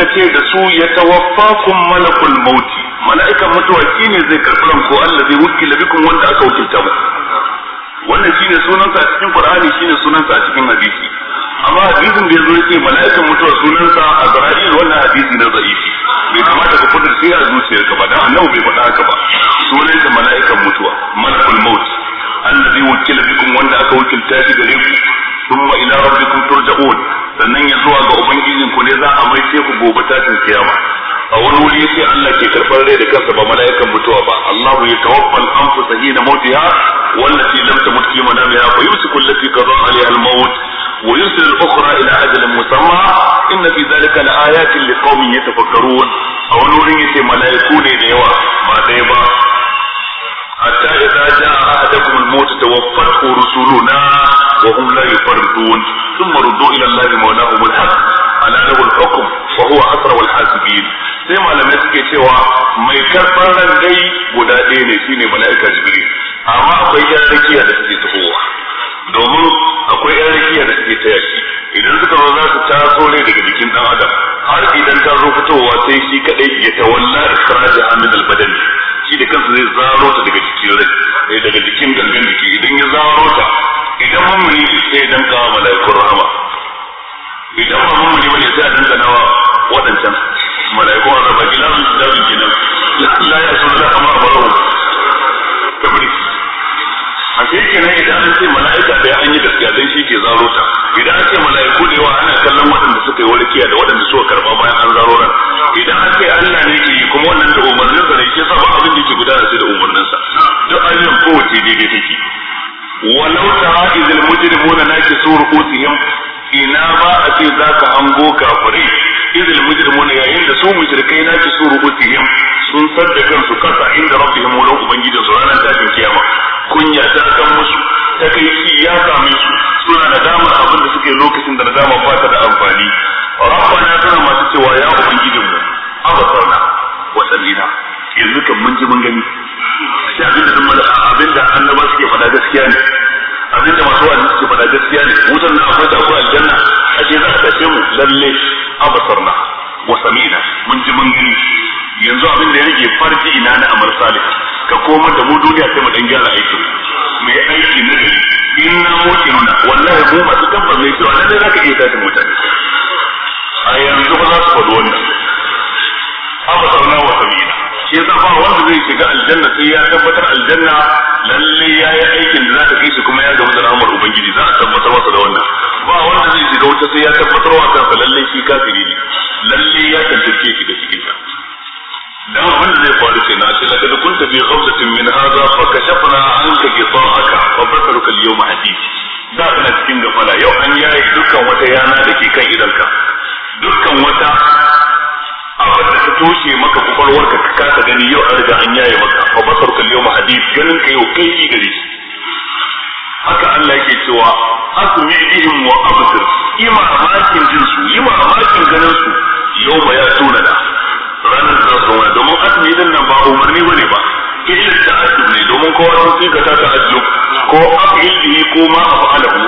suka ce da su ya tawaffakum malakul mauti mala'ikan mutuwa shine zai karɓi ranku Allah zai wukila bikum wanda aka wukilta mu wannan shine sunansa a cikin Qur'ani shine sunansa a cikin hadisi amma hadisin da yazo yake mala'ikan mutuwa sunansa a zahiri wannan hadisi na da'ifi bai kamata ka fadar sai a ka ba dan annabi bai faɗa haka ba sunansa mala'ikan mutuwa malakul allah zai wukila bikum wanda aka wukilta shi gare ku thumma ila rabbikum turja'un sannan ya zuwa ga ubangijin ku ne za a mai ce ku gobe tashin kiyama a wani wuri sai Allah ke karɓar rai da kansa ba mala'ikan mutuwa ba Allahu ya tawaffal anfu sahina mautiha wallati lam tamut fi manamiha fa yumsiku allati qada 'alayha almaut wa yursil al-ukhra ila ajalin musamma inna fi dhalika la-ayatin liqaumin yatafakkarun a wani wuri sai mala'iku ne da yawa ba dai ba hatta idza ja'a ahadakum al-maut tawaffat rusuluna وهم لا يفرطون ثم ردوا إلى الله مولاهم الحق على له الحكم وهو أسرع الحاسبين sai malamai suke cewa mai karɓar ran dai guda ɗaya ne shine mala'ika jibril amma akwai yan rakiya da suke tafowa domin akwai yan rakiya da suke taya shi idan suka zo za su taso ne daga jikin dan adam har idan ta zo fitowa sai shi kadai ya tawalla ikraja min al-badani shi da kansa zai zaro ta daga jikin rai daga jikin gangan jiki idan ya zaro ta idan mummuni sai dan kawo mala'ikun rahama idan ba mummuni bane sai a kawo nawa wadancan mala'ikun rahama kila su da su kenan la ya sun da amma ba baro kabri a sai kenan idan an ce mala'ika da an yi gaskiya dan shi ke zaro ta idan an ce mala'iku da yawa ana kallon waɗanda suka yi warkiya da waɗanda suka karba bayan an zaro ran idan an ce Allah ne ke yi kuma wannan da sa ne ke sa ba abin da ke gudana sai da sa duk ayyukan kowace daidai take walau tara idil so nakisu ru'usihim ina ba a ce za ka hango kafiri idil mujrimuna yayin da su mujrikai nakisu ru'usihim sun sadda kansu kasa inda rabbihim walau ubangijin su ranar tashin kiyama kunya ta kan musu ta kai ya same su suna da abin da suke lokacin da nadama ba ta da amfani rabbana tana masu cewa ya ubangijinmu abasarna wa sallina yanzu kan mun ji mun gani shi abin da zama abin da annaba suke faɗa gaskiya ne abin da masu wa'azi suke faɗa gaskiya ne wutar na akwai da akwai aljanna a ce za a tashe mu lalle abasarna wa samina mun ji mun gani yanzu abin da ya rage farji ina na amal salih ka komar da mu duniya sai mu dan gyara aikin mai aiki na gari inna mutinuna wallahi mu masu tabbas ne cewa lalle ka iya tashin mutane a yanzu ba za su faɗi wannan abasarna wa samina shi yasa ba wanda zai shiga aljanna sai ya tabbatar aljanna lalle ya yi aikin da za ta kai shi kuma ya gamu da rahmar ubangiji za a tabbatar masa da wannan ba wanda zai shiga wuta sai ya tabbatar wa kansa lalle shi kafiri ne lalle ya tantance shi da cikin ta dan da zai faru kenan a cikin da kunta bi ghaflatin min hadha fa kashafna anka ghita'aka fa basaruka al-yawma hadid da kana cikin gafala yau an yaye dukkan wata yana da ke kan idanka dukkan wata abin da ta toshe maka kwakwalwar ka ka kasa gani yau an riga an yaye maka fa basar kal yawma hadid ganin ka yau kai ki gare shi haka Allah yake cewa asmi bihim wa absir ima makin jin su ima makin ganin su yau ba ya tuna da ranar da su wani domin asmi din nan ba umarni bane ba illa ta'addub ne domin kowa sun tsika ta ta'addub ko afil bihi ko ma abu fa'alahu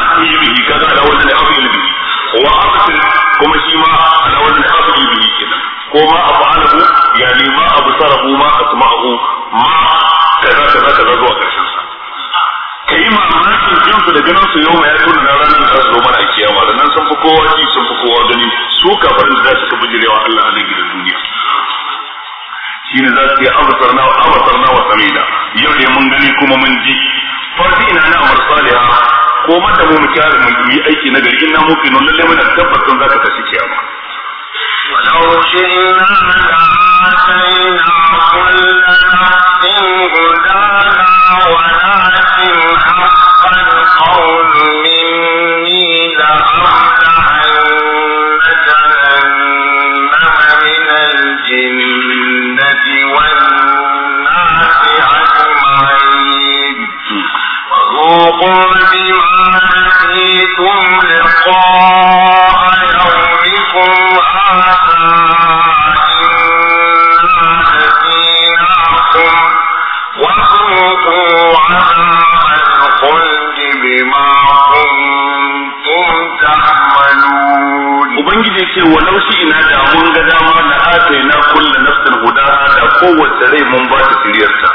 asmi bihi kaza da wanda afil bihi wa abdin kuma shi ma ala wannan abdi bihi kenan ko ma afalahu yani ma absarahu ma asma'u ma kaza kaza kaza zuwa karshen sa kai mamakin jin su da ganin su yau ya tuna na ranar da zo mana a kiyama da nan sun fi kowa ji sun fi kowa gani su kafarin da suka bijirewa Allah a nan gidan duniya shine za su yi abasarna wa abasarna wa samina yau ne mun gani kuma mun ji farji ina na amal salihah ko mata mu kyara mu yi aiki na gari inna mu kinu lalle muna tabbatun zaka tashi kiyama ولو شئنا لآتينا كل نفس هداها ولكن حق القول atayna kullu nafsin hudaha da kowace rai mun ba ta shiriyarta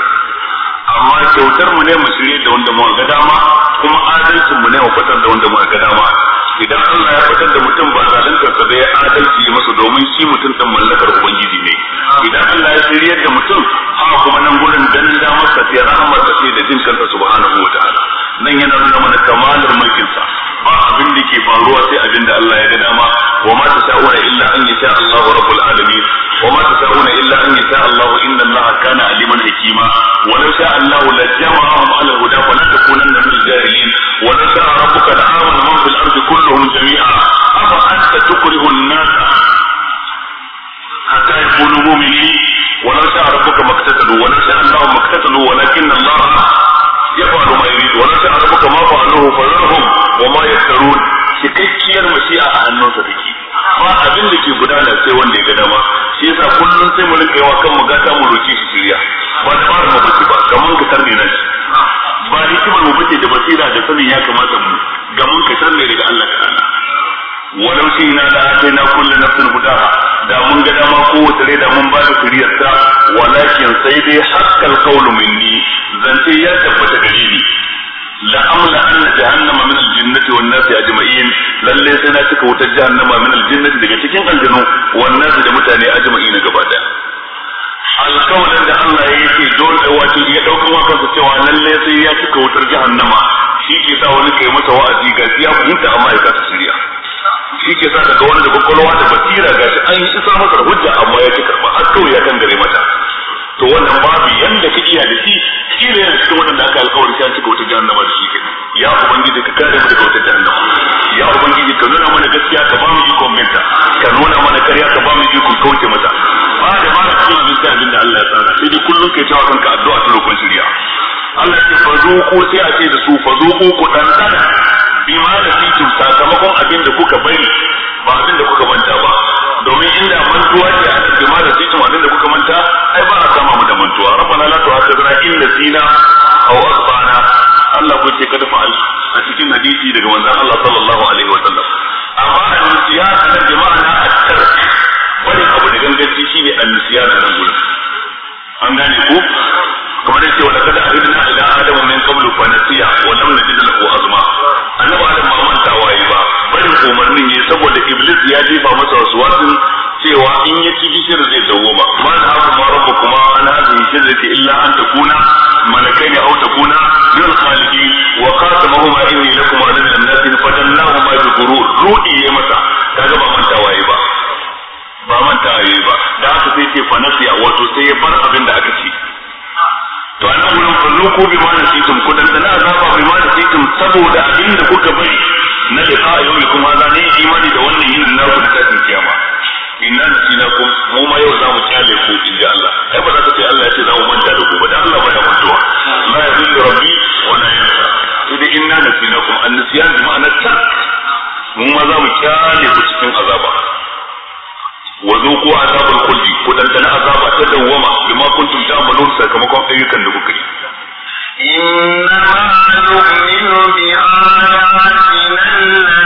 amma kyautar mu ne mu shirye da wanda muka ga dama kuma adalcin mu ne mu fitar da wanda muka ga dama idan Allah ya fitar da mutum ba zalunta ba bai adalci yi masa domin shi mutum dan mallakar ubangiji ne idan Allah ya shiryar da mutum haka kuma nan gurin dan da masa sai rahmar ce da jin kansa subhanahu ta'ala nan yana nuna mana kamalar mulkin sa ba abin da ke faruwa sai abin da Allah ya ga dama wa ma tasa'una illa an yasha Allahu rabbul alamin تشاءون إلا أن يشاء الله إن الله كان عليما حكيما ولو شاء الله لجمعهم على الهدى ولا تكونن من الجاهلين ولو شاء ربك لآمن من في الأرض كلهم جميعا أفأنت تكره الناس حتى يكونوا مؤمنين ولو شاء ربك ما اقتتلوا ولو شاء الله ما اقتتلوا ولكن الله يفعل ما يريد ولو شاء ربك ما فعلوه فذرهم وما يفترون cikakkiyar wasi'a a hannunsa ba abin da ke gudana sai wanda ya ga dama shi yasa kullum sai mu rinka yawa kan mu gata mu roki shi shirya ba da fara mu bace ba kamar ka tarne nan ba kuma mu bace da basira da sanin ya kamata mu mun ka tarne daga Allah ta'ala walau shi na da sai na na nafsin gudaha, da mun ga dama kowace rai da mun bada da ta walakin sai dai hakkal qawlu minni zance ya tabbata dalili la amla anna jahannama min al-jinnati wan nasi ajma'in lalle sai na cika wutar jahannama min al-jinnati daga cikin aljanu wan nasi da mutane ajma'in gaba daya alƙawarin da Allah ya ce dole wato ya dauka wa cewa lalle sai ya cika wutar jahannama shi ke sa wani kai masa wa'azi ga ya fahimta amma ya kasa shirya shi ke sa daga wani da kwakwalwa da basira ga shi an yi isa masa hujja amma ya cika ba har kawai ya kan gare mata to wannan babu yanda kake da shi kila yana cikin wadanda aka alkawar ta cika wata jahannama da shi kenan ya ubangiji ka kare mu daga wata jahannama ya ubangiji ka nuna mana gaskiya ka ba mu ikon minta ka nuna mana karya ka ba mu ikon kauce mata ba da ba da cikin abin abin da Allah ya tsara sai dai kullum kai cewa kanka addu'a ta roƙon shirya Allah ya ce ko sai a ce da su fazuku ku dan bi ma da fitum sakamakon abin da kuka bari ba abin da kuka manta ba domin inda mantuwa ce a bima da fitum abin da kuka manta ai ba a sama mantuwa rabbana la tu'akhidna in nasina aw akhtana Allah ce a cikin hadisi daga manzon Allah sallallahu alaihi wa sallam amma al-nisyan jama'a na at wani abu da ganganci shine al-nisyan nan an gane ko kamar yace wa laqad ahidna ila min qablu fa nasiya wa lam najid lahu azma annabi adam manta waye ba barin umarnin ne saboda iblis ya jefa masa waswasin cewa in ya ci gishir zai dawo ba da haka ma rabu kuma an da ke illa an takuna malakai ne au takuna bil khaliqi wa qatamahuma inni lakum lil nasi fadallahu ma bi ghurur rudi ya mata kaga ba manta waye ba ba manta waye ba da haka sai ce fanasiya wato sai ya bar abin da aka ci to an wurin farnuku bi ma tum kudan da dana azaba bi ma tum saboda abin da kuka bari na liqa yau kuma za ne imani da wannan yin naku da kiyama inna nasinakum mu ma yau za mu kyale ku in ji Allah ai ba za ka ce Allah ya ce za mu manta da ku ba dan Allah baya mantuwa la yadullu rabbi wa la yansa idan inna nasinakum an nasiyan bi ma'ana ta mu ma za mu kyale ku cikin azaba wa zuqu azabul khuldi ku dan dan azaba ta dawwama bima kuntum ta'malun sakamakon ayyukan da kuka yi Inna yu'minu bi ayatina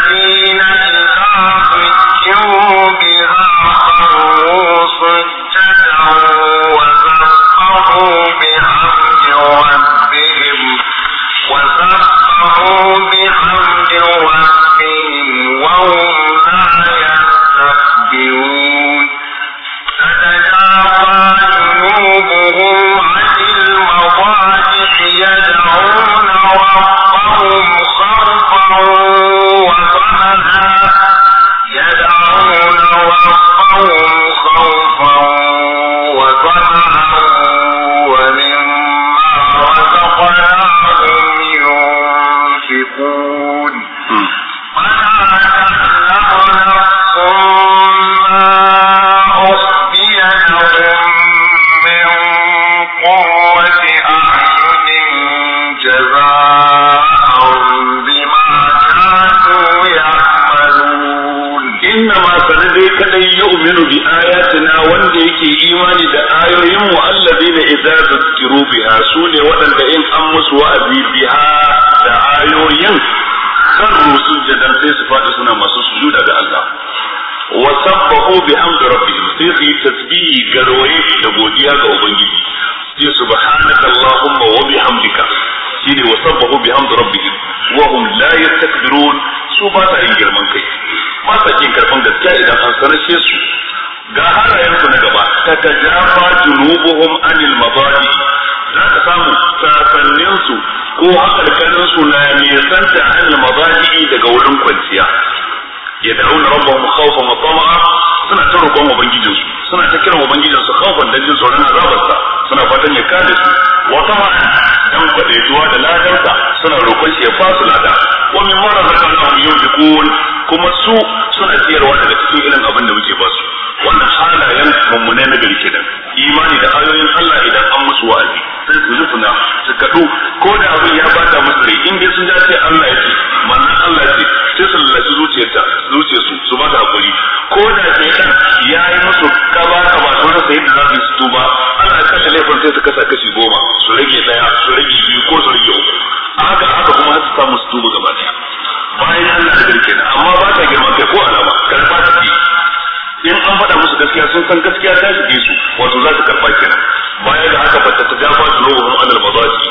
an faɗa musu gaskiya sun san gaskiya ta shige su wato za su karɓa kenan baya da haka ba ta ta jafa junubuhum alal mazaji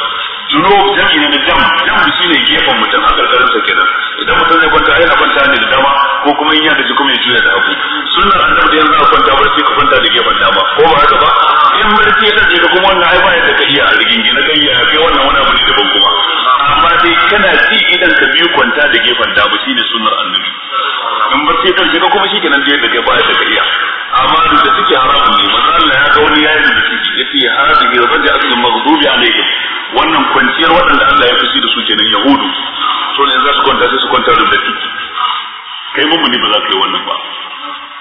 junub jami'i ne na jam jam shi ne gefen mutum a karkarin sa kenan idan mutum zai kwanta ai na kwanta ne da dama ko kuma in ya gaji kuma ya juya da hagu sunnar annabi da yanzu a kwanta ba sai ka kwanta da gefen dama ko ba haka ba in barci ya dace kuma wannan ai ba yadda ka iya a rigingine gayya kai wannan wani abu dai kana ji idan ka biyu kwanta da gefen dama ne sunar annabi in ba sai karshe kuma shi kenan da yadda kai ba da iya amma duk da suke haramun ne manzo Allah ya ga wani yayin da suke aka hadihi raja'atul dubi alaihim wannan kwanciyar waɗanda Allah ya fi shi da su kenan yahudu to ne za su kwanta sai su kwanta da ciki kai mummuni ba za ka yi wannan ba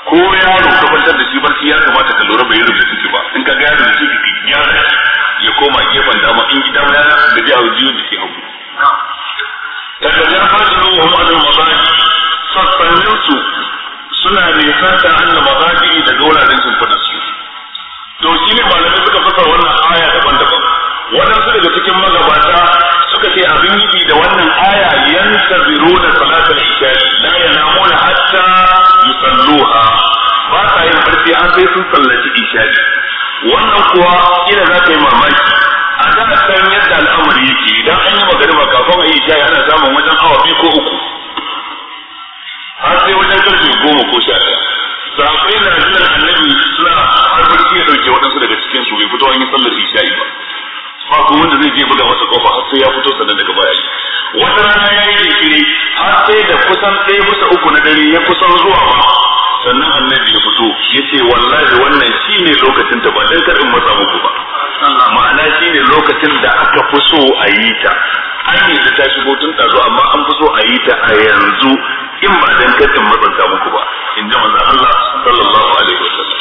ko yaro ka kwantar da shi barci ya kamata ka lura bai rubuta ciki ba in ka ga yaro da ciki gyara ya koma gefen dama in gida ya da jawo jiyo da ke hagu Takaddar fasiru wa ma'adar mazaji, sassaninsu suna nisanta an da mazaji daga wuraren shimfidarsu. To shi ne malamai suka fasa wannan aya daban-daban. Waɗansu daga cikin magabata suka ce abin yi da wannan aya yantaziru da salatul isha la yanamuna hatta yusalluha ba sa yin farfi an sai sun sallaci isha wannan kuwa ina za ka yi mamaki a san yadda al'amari yake idan an yi magariba kafin a yi shayi ana samun wajen awa biyu ko uku har sai wajen karfe goma ko sha ɗaya na jiran annabi suna har barci ya ɗauke waɗansu daga cikin su bai fito an yi sallar isha'i ba ba ko wanda zai je buga masa kofa har sai ya fito sannan daga baya wata rana ya yi jinkiri har sai da kusan ɗaya bisa uku na dare ya kusan zuwa ba sannan annabi ya fito ya ce wallahi wannan shine lokacin ta ba dan kar in matsa muku ba ma'ana shine lokacin da aka fi so a yi ta an yi ta shigo tun ɗazu amma an fi so a yi ta a yanzu in ba dan kar in matsanta muku ba in ji manzon Allah sallallahu alaihi wasallam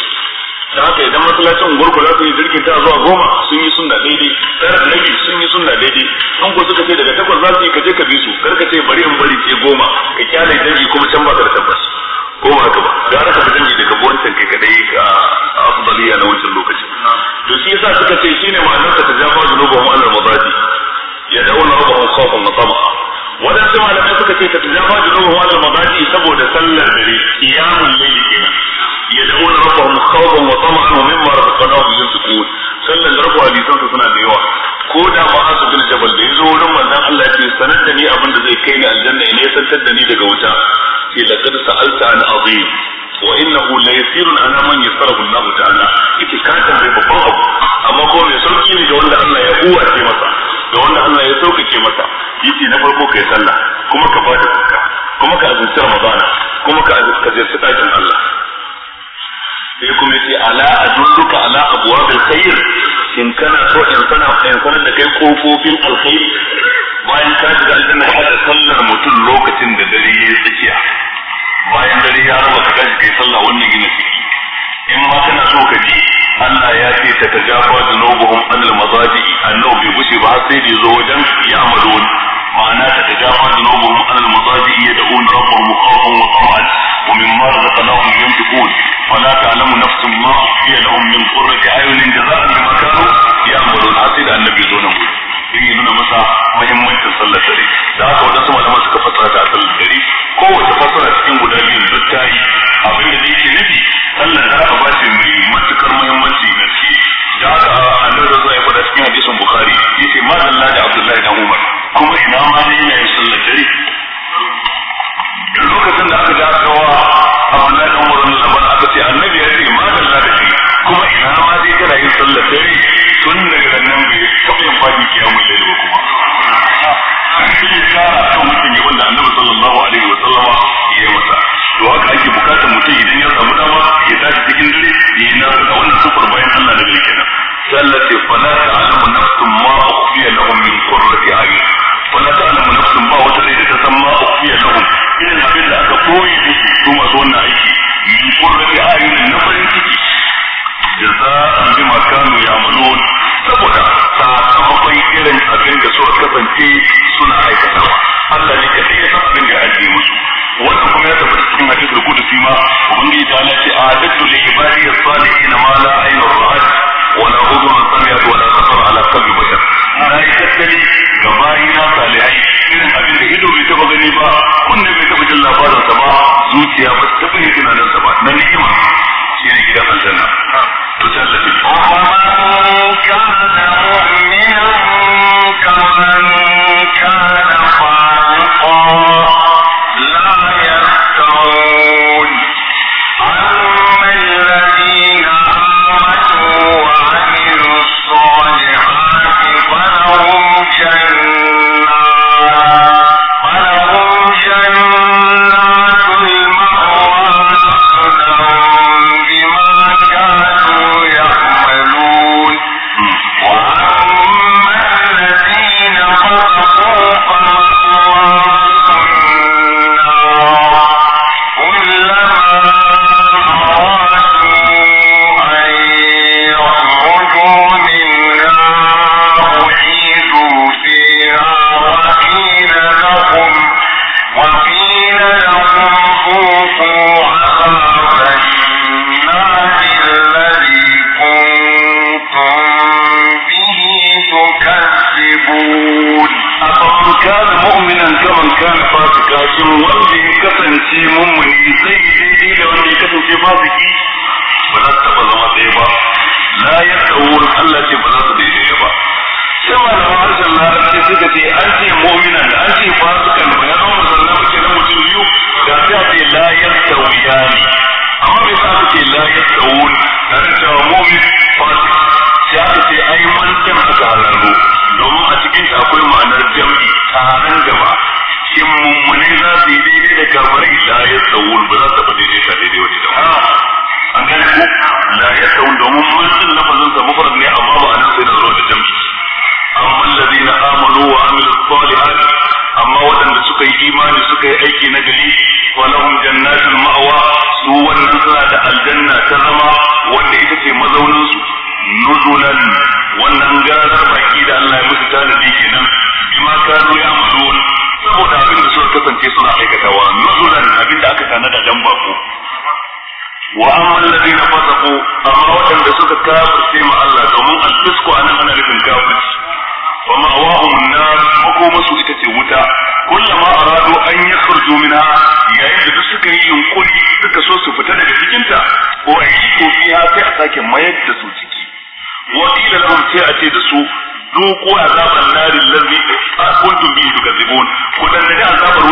da haka idan masallacin gurku za su yi jirgin ta zuwa goma sun yi sunna daidai tsarar nabi sun yi sunna daidai an ko suka ce daga takwas za su yi kaje ka bi su kar ka ce bari in bari ce goma ka kyale sallar da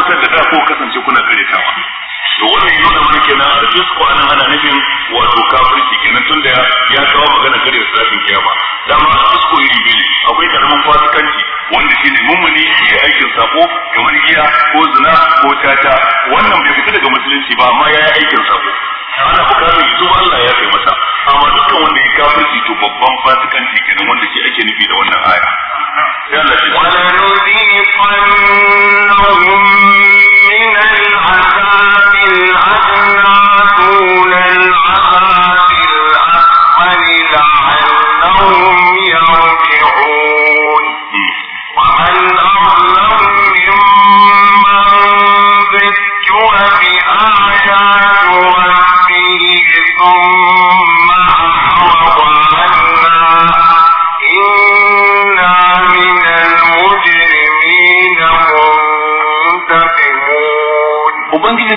tabbatar da ko kasance kuna karyatawa to wannan nuna mana kenan a fisku anan ana nufin wato kafirci kenan tun da ya kawo magana kare da zafin kiyama dama a fisku iri biyu akwai karamin fasikanci wanda shine mummuni ya aikin sako kamar giya ko zina ko tata wannan bai fita daga musulunci ba amma ya yi aikin sako ana bukatar yanzu Allah ya kai masa amma dukkan wanda ya kafirci to babban fasikanci kenan wanda shi ake nufi da wannan aya ولنذيقنهم من العذاب الأدنى دون العذاب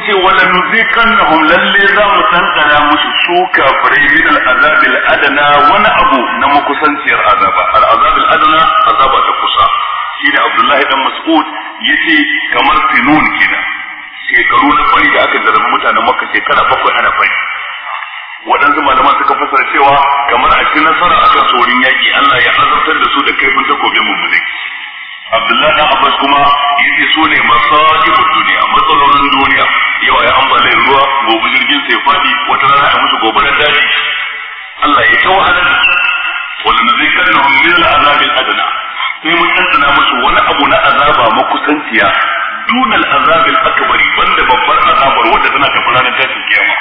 ce wala nuziqannahum lalle za mu tantana musu su kafirai min al'azab adana wani abu na makusanciyar azaba al'azab adana, azaba ta kusa shi da Abdullahi dan Mas'ud ce kamar sinun kina shekaru na fari da aka zarafi mutanen Makka shekara bakwai ana fari waɗansu malaman suka fasara cewa kamar a ci nasara akan saurin yaƙi Allah ya azabtar da su da kaifin takobin mummuni Abdullahi dan Abbas kuma yace su ne masajibud duniya matsalolin duniya yau ya ambaliyar ruwa gobe jirgin sai fadi wata rana a musu gobarar daji Allah ya ta wahalar wal muzikannahum min al'azab al adana, sai mun tantana musu wani abu na azaba makusanciya dun al'azab al-akbar banda babbar azabar wanda tana tafi ranar tashin kiyama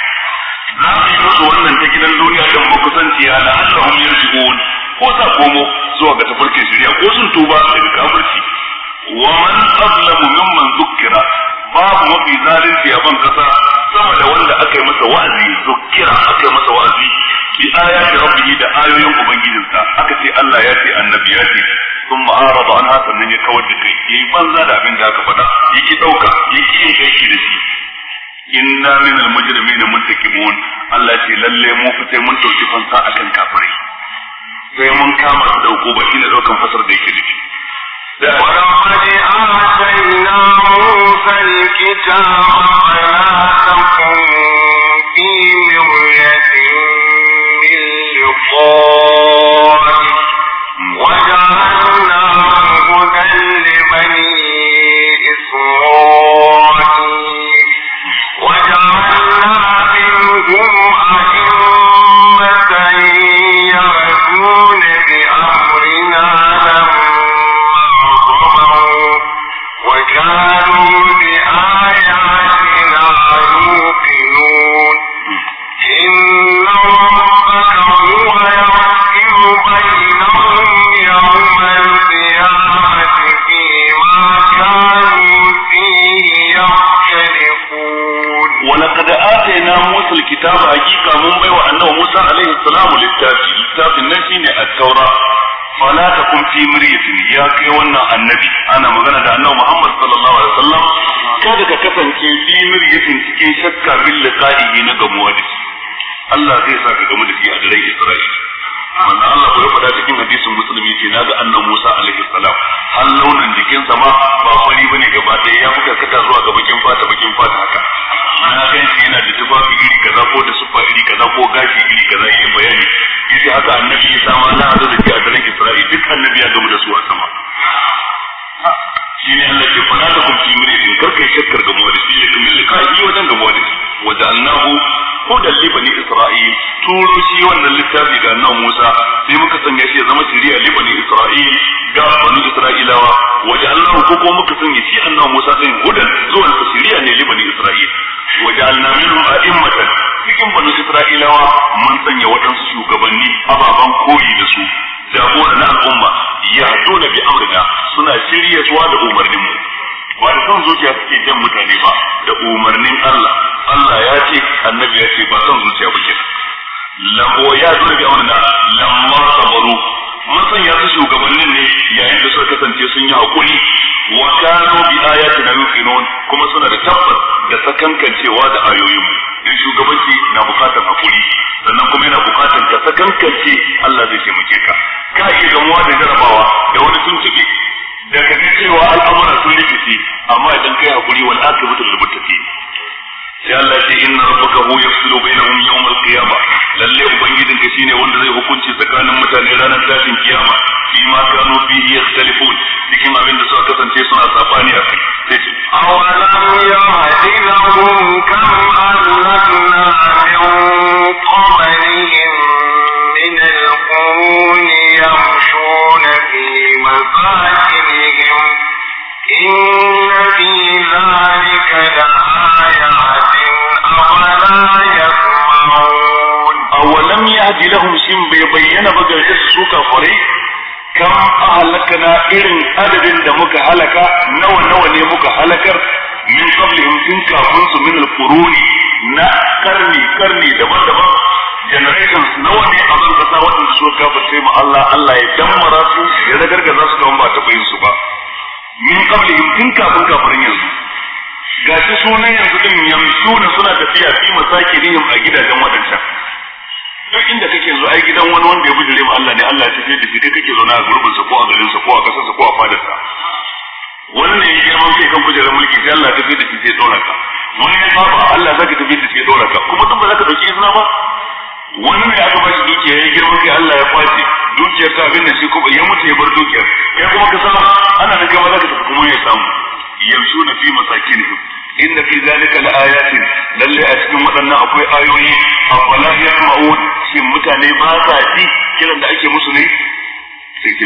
za su yi musu wannan ta gidan duniya da makusanciya na la annahum yarji'un ko sa komo zuwa ga tafarkin shirya ko sun tuba daga kafirci wa man azlamu mimman zukkira babu mafi zalunci a ban kasa sama da wanda aka yi masa wa'azi zukira aka yi masa wa'azi bi ayati rabbihi da ayoyin ubangijinsa aka ce Allah ya ce annabi ya ce sun ma'arada an haka nan ya kawar da kai yayi banza da abin da aka faɗa yake ɗauka yake yin aiki da shi inna min al-mujrimina muntakimun Allah ya ce lalle mu fa sai mun dauki fansa akan kafirai sai mun kama su da hukuma shine daukan fasar da yake shi. ولقد آتينا موسى الكتاب فلا تكن في مرية من لقائه kitaba hakika mun bai wa annabi Musa alaihi salam littafi littafin nan shine at-taura fala takum fi miryatin ya kai wannan annabi ana magana da annabi Muhammad sallallahu alaihi wasallam kada ka kasance fi miryatin cikin shakka bil liqa'ihi na gamuwa da shi Allah zai sa ka gamu da shi a daren Isra'ila manzo Allah ko ya faɗa cikin hadisin musulmi ce naga annan Musa alaihi salam har launin jikin ma ba fari bane gaba ɗaya ya fuka kata zuwa ga bakin fata bakin fata haka na gan shi yana da tufafi iri kaza ko da sufa iri kaza ko gashi iri kaza yayin bayani yace haka annabi ya sama na azza da shi a daren Isra'i duk annabi ya gamu da su a sama shi ne Allah ke fada da kuma shi ne in karkai shakkar gamuwa da shi ya kuma k'a yi wajen gamuwa da shi wajen annahu hudan libani bani isra'il turo shi wannan littafi ga nan Musa sai muka sanya shi ya zama shari'a li bani isra'il ga bani isra'ilawa waja'alnahu ko muka sanya shi annabi Musa din hudan zuwa shari'a ne li bani isra'il waja'alna minhum a'immatan cikin bani isra'ilawa mun sanya waɗansu shugabanni ababan koyi da su jagora na al'umma yahduna bi amrina suna shiryatuwa da umarninmu ba da son zuciya suke jan mutane ba da umarnin Allah Allah ya ce annabi ya ce ba son zuciya ba kenan lambo ya zo da amana lamma sabaru mun san ya su shugabannin ne yayin da suka kasance sun yi hakuri wa kanu bi na yuqinun kuma suna da tabbas da sakankancewa da ayoyin mu dan shugabanci na bukatar hakuri sannan kuma yana bukatar ka sakankance Allah zai taimake ka ka iya gamuwa da jarabawa da wani sun da ka ji cewa al'amura sun rikici amma idan kai hakuri wal akibatu lil muttaqi sai Allah ce inna rabbaka hu yafsilu bainahum yawm al qiyama lalle ubangijin ka shine wanda zai hukunci tsakanin mutane ranar tashin kiyama fi ma kanu fihi yakhtalifun cikin abin da suka kasance suna sabani a kai sai ce awalam yahdilahum kam ahlakna min qablihim min al-quruni yamshun وقاتلهم إن في ذلك لآيات أولا يسمعون أولم يهد لهم شن بيبين بقى السوق فري كم أهلكنا إرن أدد دمك هلك نوى نوى نمك هلكر من قبلهم تنكا من القرون suka kafirce ma Allah Allah ya damara su ya za su kawo ba taɓa yin su ba min qablihim tun kafin kafirin yanzu shi sunan yanzu din na suna tafiya fi masakinihim a gidajen wadancan duk inda kake zo ai gidan wani wanda ya bujure ma Allah ne Allah ya tafi da shi kake zauna a gurbin sa ko a garin sa ko a kasar sa ko a fadar sa wannan ya girman kai kan kujerar mulki sai Allah ya tafi da shi sai dora ka wani ya saba Allah zaka tafi da shi dora ka kuma tun ba zaka dauki izina ba wani ne aka bashi dukiya ya girma kai Allah ya kwace dukiyar ta abin da shi kuma ya mutu ya bar dukiyar kai kuma ka samu ana nan kai za ka tafi kuma ya samu yamsu na fi masakinihim inna fi zalika laayatin lalle a cikin waɗannan akwai ayoyi afala yasma'un shin mutane ba sa ji kiran da ake musu ne sai ki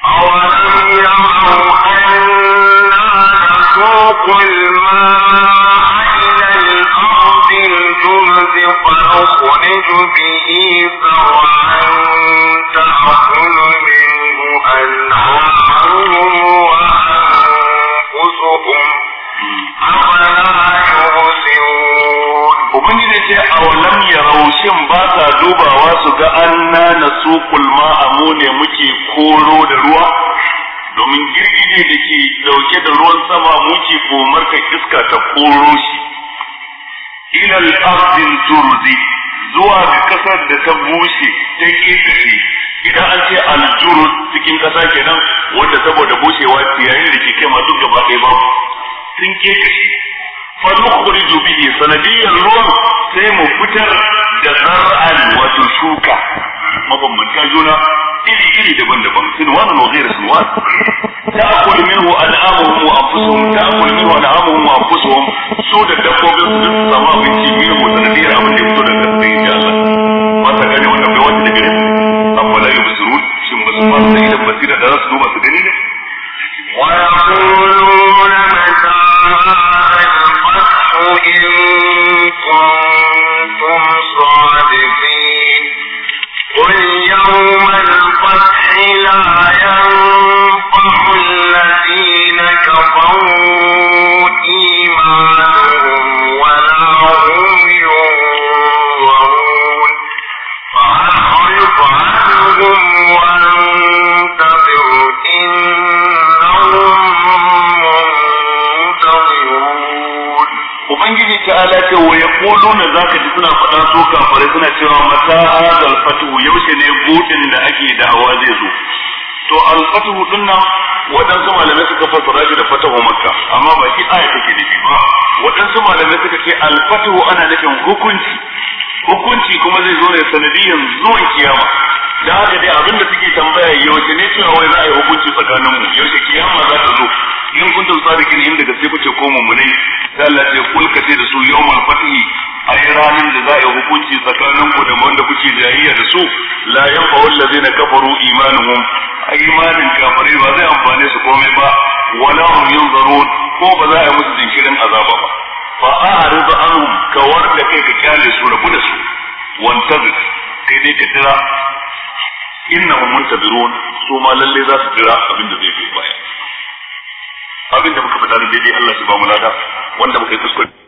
أولم يروا أنا نسوق الماء فنخرج به فرعا تأكل منه أنهارهم وأنفسهم أفلا يبصرون Ubangiji ce a walam yarau shin ba sa dubawa su ga anna na suƙul ma'amu ne muke koro da ruwa domin girgije da ke dauke da ruwan sama muke komar ka iska ta koro shi ila al-ardin turzi zuwa ga kasar da ta bushe ta kirkace idan an ce al-jurud cikin kasa kenan wanda saboda bushewa yayin da ke kai masu gaba ɗaya babu sun kirkace fa nukhriju bihi sanadiyan ruwan sai mu fitar da zar'an wato shuka mabambantan juna iri iri daban-daban sinwan wa ghayr sinwan ta'kul minhu al'amuhum anfusuhum ta'kulu wa na'amuhum wa anfusuhum su da dabbobin su su samu abinci mai abin da fito daga sai ya ba ta wannan bai amma la yubsirun shin ba su da basira da za su duba su gani ne wa za zaka ji suna faɗa so kafare suna cewa mata hadal fatu yaushe ne budin da ake hawa zai zo to al-fatu din nan waɗansu malamai suka fassara shi da fatahu makka amma ba shi aya take nufi ba waɗansu malamai suka ce al-fatu ana nufin hukunci hukunci kuma zai zo ne sanadiyan zuwan kiyama da haka dai abin da suke tambaya yaushe ne cewa wai za a yi hukunci tsakaninmu yaushe kiyama za ta zo in kuntum sadiqin inda gaske kuke ko mumunai sai Allah ya kulka da su yawmal fatihi ai ranar da za a yi hukunci tsakanin ku da wanda kuke jayayya da su la yanfa'u allazina kafaru imanuhum imanin kafirai ba zai amfane su komai ba wala hum yunzarun ko ba za a yi musu jinkirin azaba ba fa a'rid anhum kawar da kai ka kyale su rabu da su wantazir kai dai ka tira innahum muntadirun su ma lalle za su jira abinda zai fi baya abin da muka da daidai Allah shi ba mu lada wanda muka yi kuskure